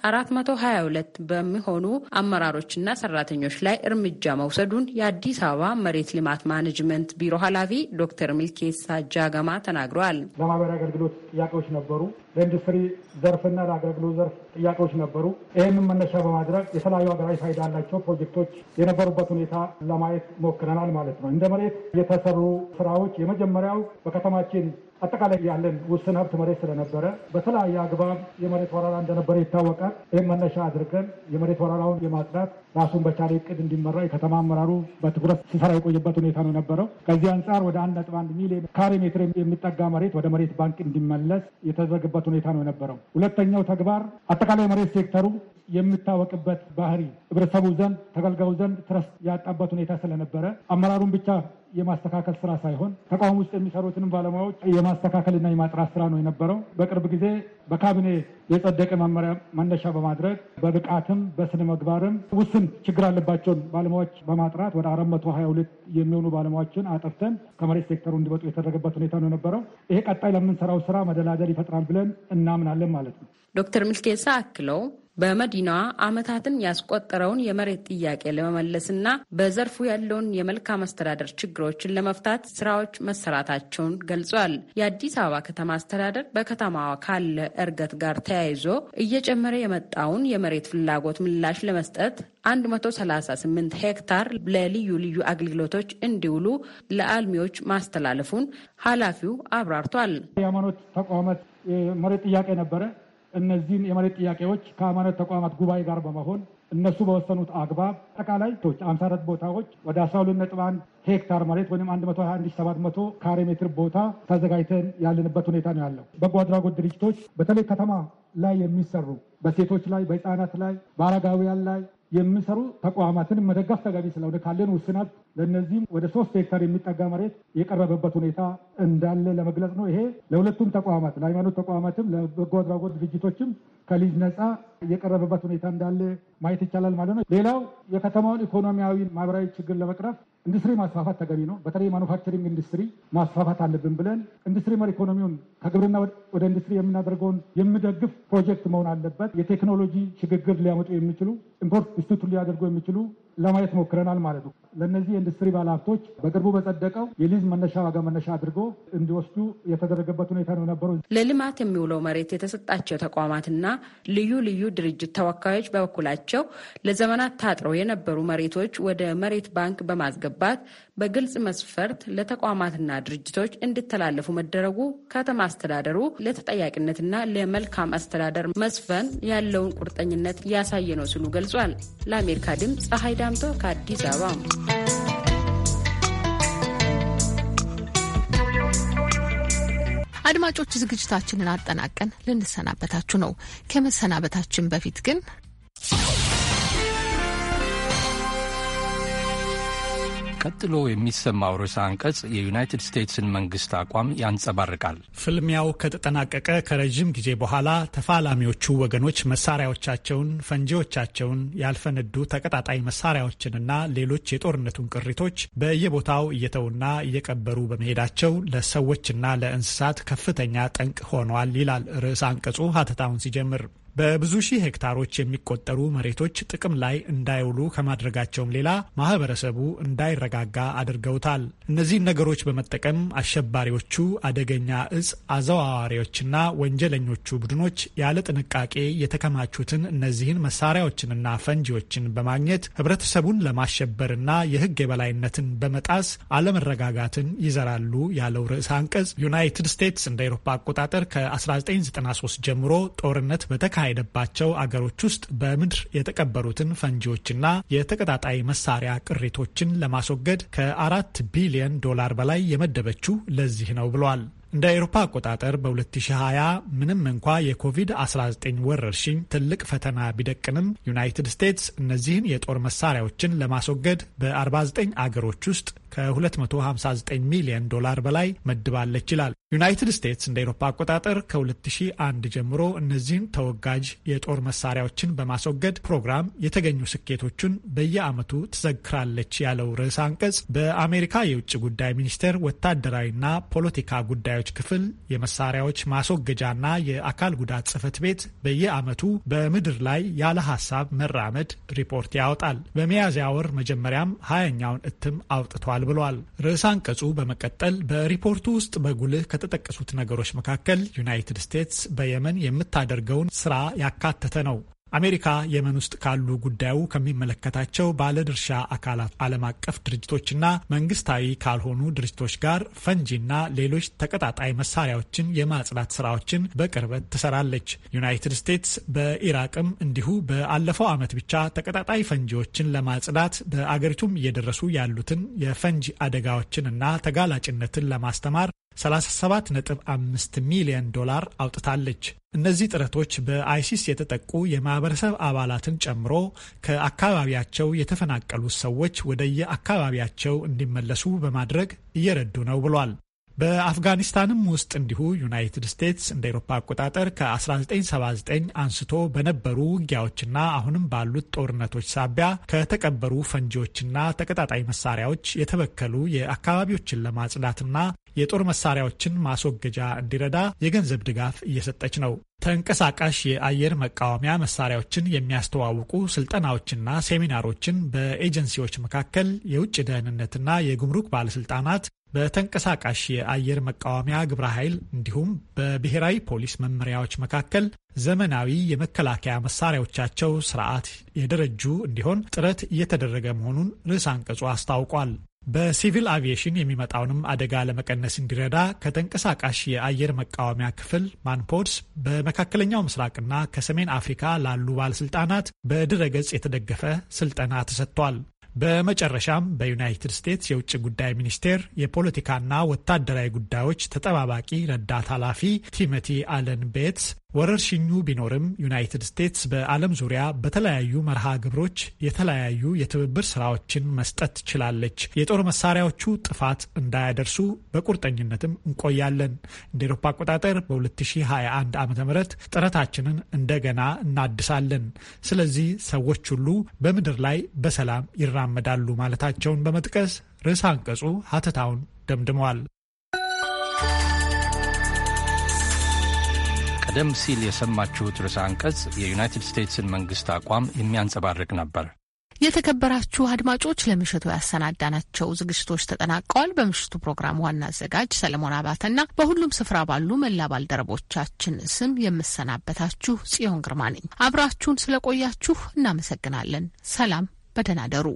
ሁለት በሚሆኑ አመራሮችና ሰራተኞች ላይ እርምጃ መውሰዱን የአዲስ አበባ መሬት ልማት ማኔጅመንት ቢሮ ቢሮ ኃላፊ ዶክተር ሚልኬሳ ጃገማ ተናግረዋል። ለማህበራዊ አገልግሎት ጥያቄዎች ነበሩ፣ ለኢንዱስትሪ ዘርፍና ለአገልግሎት ዘርፍ ጥያቄዎች ነበሩ። ይህንም መነሻ በማድረግ የተለያዩ ሀገራዊ ፋይዳ ያላቸው ፕሮጀክቶች የነበሩበት ሁኔታ ለማየት ሞክረናል ማለት ነው። እንደ መሬት የተሰሩ ስራዎች የመጀመሪያው በከተማችን አጠቃላይ ያለን ውስን ሀብት መሬት ስለነበረ በተለያየ አግባብ የመሬት ወረራ እንደነበረ ይታወቃል። ይህም መነሻ አድርገን የመሬት ወረራውን የማጽዳት ራሱን በቻለ እቅድ እንዲመራ የከተማ አመራሩ በትኩረት ሲሰራ የቆየበት ሁኔታ ነው የነበረው። ከዚህ አንጻር ወደ አንድ ነጥብ አንድ ሚሊዮን ካሬ ሜትር የሚጠጋ መሬት ወደ መሬት ባንክ እንዲመለስ የተደረገበት ሁኔታ ነው የነበረው። ሁለተኛው ተግባር አጠቃላይ መሬት ሴክተሩ የምታወቅበት ባህሪ ህብረተሰቡ ዘንድ ተገልጋዩ ዘንድ ትረስ ያጣበት ሁኔታ ስለነበረ አመራሩን ብቻ የማስተካከል ስራ ሳይሆን ተቋም ውስጥ የሚሰሩትንም ባለሙያዎች የማስተካከልና የማጥራት ስራ ነው የነበረው። በቅርብ ጊዜ በካቢኔ የጸደቀ መመሪያ መነሻ በማድረግ በብቃትም በስነ ምግባርም ውስን ችግር አለባቸውን ባለሙያዎች በማጥራት ወደ አራት መቶ ሀያ ሁለት የሚሆኑ ባለሙያዎችን አጥርተን ከመሬት ሴክተሩ እንዲወጡ የተደረገበት ሁኔታ ነው የነበረው። ይሄ ቀጣይ ለምንሰራው ስራ መደላደል ይፈጥራል ብለን እናምናለን ማለት ነው። ዶክተር ምልኬሳ አክለው በመዲናዋ ዓመታትን ያስቆጠረውን የመሬት ጥያቄ ለመመለስና በዘርፉ ያለውን የመልካም አስተዳደር ችግሮችን ለመፍታት ስራዎች መሰራታቸውን ገልጿል። የአዲስ አበባ ከተማ አስተዳደር በከተማዋ ካለ እርገት ጋር ተያይዞ እየጨመረ የመጣውን የመሬት ፍላጎት ምላሽ ለመስጠት 138 ሄክታር ለልዩ ልዩ አገልግሎቶች እንዲውሉ ለአልሚዎች ማስተላለፉን ኃላፊው አብራርቷል። የሃይማኖት ተቋማት መሬት ጥያቄ ነበረ። እነዚህን የመሬት ጥያቄዎች ከሃይማኖት ተቋማት ጉባኤ ጋር በመሆን እነሱ በወሰኑት አግባብ አጠቃላይ ቶች አምሳ አራት ቦታዎች ወደ አስራ ሁለት ነጥብ አንድ ሄክታር መሬት ወይም አንድ መቶ ሀያ አንድ ሰባት መቶ ካሬ ሜትር ቦታ ተዘጋጅተን ያለንበት ሁኔታ ነው ያለው። በጎ አድራጎት ድርጅቶች በተለይ ከተማ ላይ የሚሰሩ በሴቶች ላይ፣ በህፃናት ላይ፣ በአረጋውያን ላይ የሚሰሩ ተቋማትን መደገፍ ተገቢ ስለሆነ ካለን ውስናት ለእነዚህም ወደ ሶስት ሄክታር የሚጠጋ መሬት የቀረበበት ሁኔታ እንዳለ ለመግለጽ ነው። ይሄ ለሁለቱም ተቋማት ለሃይማኖት ተቋማትም ለበጎ አድራጎት ድርጅቶችም ከሊዝ ነፃ የቀረበበት ሁኔታ እንዳለ ማየት ይቻላል ማለት ነው። ሌላው የከተማውን ኢኮኖሚያዊ ማህበራዊ ችግር ለመቅረፍ ኢንዱስትሪ ማስፋፋት ተገቢ ነው። በተለይ ማኑፋክቸሪንግ ኢንዱስትሪ ማስፋፋት አለብን ብለን ኢንዱስትሪ መር ኢኮኖሚውን ከግብርና ወደ ኢንዱስትሪ የምናደርገውን የሚደግፍ ፕሮጀክት መሆን አለበት። የቴክኖሎጂ ሽግግር ሊያመጡ የሚችሉ ኢምፖርት ኢንስቲቱት ሊያደርጉ የሚችሉ ለማየት ሞክረናል ማለት ነው። ለእነዚህ የኢንዱስትሪ ባለሀብቶች በቅርቡ በጸደቀው የሊዝ መነሻ ዋጋ መነሻ አድርጎ እንዲወስዱ የተደረገበት ሁኔታ ነው የነበረው። ለልማት የሚውለው መሬት የተሰጣቸው ተቋማትና ልዩ ልዩ ድርጅት ተወካዮች በበኩላቸው ለዘመናት ታጥረው የነበሩ መሬቶች ወደ መሬት ባንክ በማስገባት በግልጽ መስፈርት ለተቋማትና ድርጅቶች እንዲተላለፉ መደረጉ ከተማ አስተዳደሩ ለተጠያቂነትና ለመልካም አስተዳደር መስፈን ያለውን ቁርጠኝነት ያሳየ ነው ሲሉ ገልጿል። ለአሜሪካ ድምፅ ፀሐይ ዳምጦ ከአዲስ አበባ አድማጮች ዝግጅታችንን አጠናቀን ልንሰናበታችሁ ነው። ከመሰናበታችን በፊት ግን ቀጥሎ የሚሰማው ርዕሰ አንቀጽ የዩናይትድ ስቴትስን መንግስት አቋም ያንጸባርቃል። ፍልሚያው ከተጠናቀቀ ከረዥም ጊዜ በኋላ ተፋላሚዎቹ ወገኖች መሳሪያዎቻቸውን፣ ፈንጂዎቻቸውን፣ ያልፈነዱ ተቀጣጣይ መሳሪያዎችንና ሌሎች የጦርነቱን ቅሪቶች በየቦታው እየተውና እየቀበሩ በመሄዳቸው ለሰዎችና ለእንስሳት ከፍተኛ ጠንቅ ሆኗል ይላል ርዕሰ አንቀጹ ሀተታውን ሲጀምር በብዙ ሺህ ሄክታሮች የሚቆጠሩ መሬቶች ጥቅም ላይ እንዳይውሉ ከማድረጋቸውም ሌላ ማህበረሰቡ እንዳይረጋጋ አድርገውታል። እነዚህን ነገሮች በመጠቀም አሸባሪዎቹ፣ አደገኛ እጽ አዘዋዋሪዎችና ወንጀለኞቹ ቡድኖች ያለ ጥንቃቄ የተከማቹትን እነዚህን መሳሪያዎችንና ፈንጂዎችን በማግኘት ህብረተሰቡን ለማሸበርና የህግ የበላይነትን በመጣስ አለመረጋጋትን ይዘራሉ ያለው ርዕሰ አንቀጽ ዩናይትድ ስቴትስ እንደ ኤሮፓ አቆጣጠር ከ1993 ጀምሮ ጦርነት በተካ በተካሄደባቸው አገሮች ውስጥ በምድር የተቀበሩትን ፈንጂዎችና የተቀጣጣይ መሳሪያ ቅሪቶችን ለማስወገድ ከአራት ቢሊዮን ዶላር በላይ የመደበችው ለዚህ ነው ብሏል። እንደ አውሮፓ አቆጣጠር በ2020 ምንም እንኳ የኮቪድ-19 ወረርሽኝ ትልቅ ፈተና ቢደቅንም ዩናይትድ ስቴትስ እነዚህን የጦር መሳሪያዎችን ለማስወገድ በ49 አገሮች ውስጥ ከ259 ሚሊዮን ዶላር በላይ መድባለች ይላል። ዩናይትድ ስቴትስ እንደ ኤሮፓ አቆጣጠር ከ2001 ጀምሮ እነዚህን ተወጋጅ የጦር መሳሪያዎችን በማስወገድ ፕሮግራም የተገኙ ስኬቶችን በየዓመቱ ትዘክራለች ያለው ርዕሰ አንቀጽ በአሜሪካ የውጭ ጉዳይ ሚኒስቴር ወታደራዊና ፖለቲካ ጉዳዮች ክፍል የመሳሪያዎች ማስወገጃና የአካል ጉዳት ጽህፈት ቤት በየዓመቱ በምድር ላይ ያለ ሀሳብ መራመድ ሪፖርት ያወጣል። በሚያዝያ ወር መጀመሪያም ሀያኛውን እትም አውጥቷል ይገኛል ብሏል። ርዕሰ አንቀጹ በመቀጠል በሪፖርቱ ውስጥ በጉልህ ከተጠቀሱት ነገሮች መካከል ዩናይትድ ስቴትስ በየመን የምታደርገውን ስራ ያካተተ ነው። አሜሪካ የመን ውስጥ ካሉ ጉዳዩ ከሚመለከታቸው ባለድርሻ አካላት ዓለም አቀፍ ድርጅቶችና መንግስታዊ ካልሆኑ ድርጅቶች ጋር ፈንጂና ሌሎች ተቀጣጣይ መሳሪያዎችን የማጽዳት ስራዎችን በቅርበት ትሰራለች። ዩናይትድ ስቴትስ በኢራቅም እንዲሁ በአለፈው ዓመት ብቻ ተቀጣጣይ ፈንጂዎችን ለማጽዳት በአገሪቱም እየደረሱ ያሉትን የፈንጂ አደጋዎችን እና ተጋላጭነትን ለማስተማር 37.5 ሚሊዮን ዶላር አውጥታለች። እነዚህ ጥረቶች በአይሲስ የተጠቁ የማህበረሰብ አባላትን ጨምሮ ከአካባቢያቸው የተፈናቀሉ ሰዎች ወደየአካባቢያቸው እንዲመለሱ በማድረግ እየረዱ ነው ብሏል። በአፍጋኒስታንም ውስጥ እንዲሁ ዩናይትድ ስቴትስ እንደ ኤሮፓ አቆጣጠር ከ1979 አንስቶ በነበሩ ውጊያዎችና አሁንም ባሉት ጦርነቶች ሳቢያ ከተቀበሩ ፈንጂዎችና ተቀጣጣይ መሳሪያዎች የተበከሉ የአካባቢዎችን ለማጽዳትና የጦር መሳሪያዎችን ማስወገጃ እንዲረዳ የገንዘብ ድጋፍ እየሰጠች ነው። ተንቀሳቃሽ የአየር መቃወሚያ መሳሪያዎችን የሚያስተዋውቁ ስልጠናዎችና ሴሚናሮችን በኤጀንሲዎች መካከል የውጭ ደህንነትና የጉምሩክ ባለስልጣናት በተንቀሳቃሽ የአየር መቃወሚያ ግብረ ኃይል እንዲሁም በብሔራዊ ፖሊስ መመሪያዎች መካከል ዘመናዊ የመከላከያ መሳሪያዎቻቸው ስርዓት የደረጁ እንዲሆን ጥረት እየተደረገ መሆኑን ርዕስ አንቀጹ አስታውቋል። በሲቪል አቪዬሽን የሚመጣውንም አደጋ ለመቀነስ እንዲረዳ ከተንቀሳቃሽ የአየር መቃወሚያ ክፍል ማንፖድስ በመካከለኛው ምስራቅና ከሰሜን አፍሪካ ላሉ ባለስልጣናት በድረገጽ የተደገፈ ስልጠና ተሰጥቷል። በመጨረሻም በዩናይትድ ስቴትስ የውጭ ጉዳይ ሚኒስቴር የፖለቲካና ወታደራዊ ጉዳዮች ተጠባባቂ ረዳት ኃላፊ ቲሞቲ አለን ቤትስ ወረርሽኙ ቢኖርም ዩናይትድ ስቴትስ በዓለም ዙሪያ በተለያዩ መርሃ ግብሮች የተለያዩ የትብብር ስራዎችን መስጠት ትችላለች። የጦር መሳሪያዎቹ ጥፋት እንዳያደርሱ በቁርጠኝነትም እንቆያለን። እንደ ኤሮፓ አቆጣጠር በ2021 ዓ ም ጥረታችንን እንደገና እናድሳለን። ስለዚህ ሰዎች ሁሉ በምድር ላይ በሰላም ይራመዳሉ ማለታቸውን በመጥቀስ ርዕሰ አንቀጹ ሀተታውን ደምድመዋል። ቀደም ሲል የሰማችሁት ርዕሰ አንቀጽ የዩናይትድ ስቴትስን መንግስት አቋም የሚያንጸባርቅ ነበር። የተከበራችሁ አድማጮች ለምሽቱ ያሰናዳናቸው ዝግጅቶች ተጠናቀዋል። በምሽቱ ፕሮግራም ዋና አዘጋጅ ሰለሞን አባተና በሁሉም ስፍራ ባሉ መላ ባልደረቦቻችን ስም የምሰናበታችሁ ጽዮን ግርማ ነኝ። አብራችሁን ስለቆያችሁ እናመሰግናለን። ሰላም፣ በደህና ደሩ።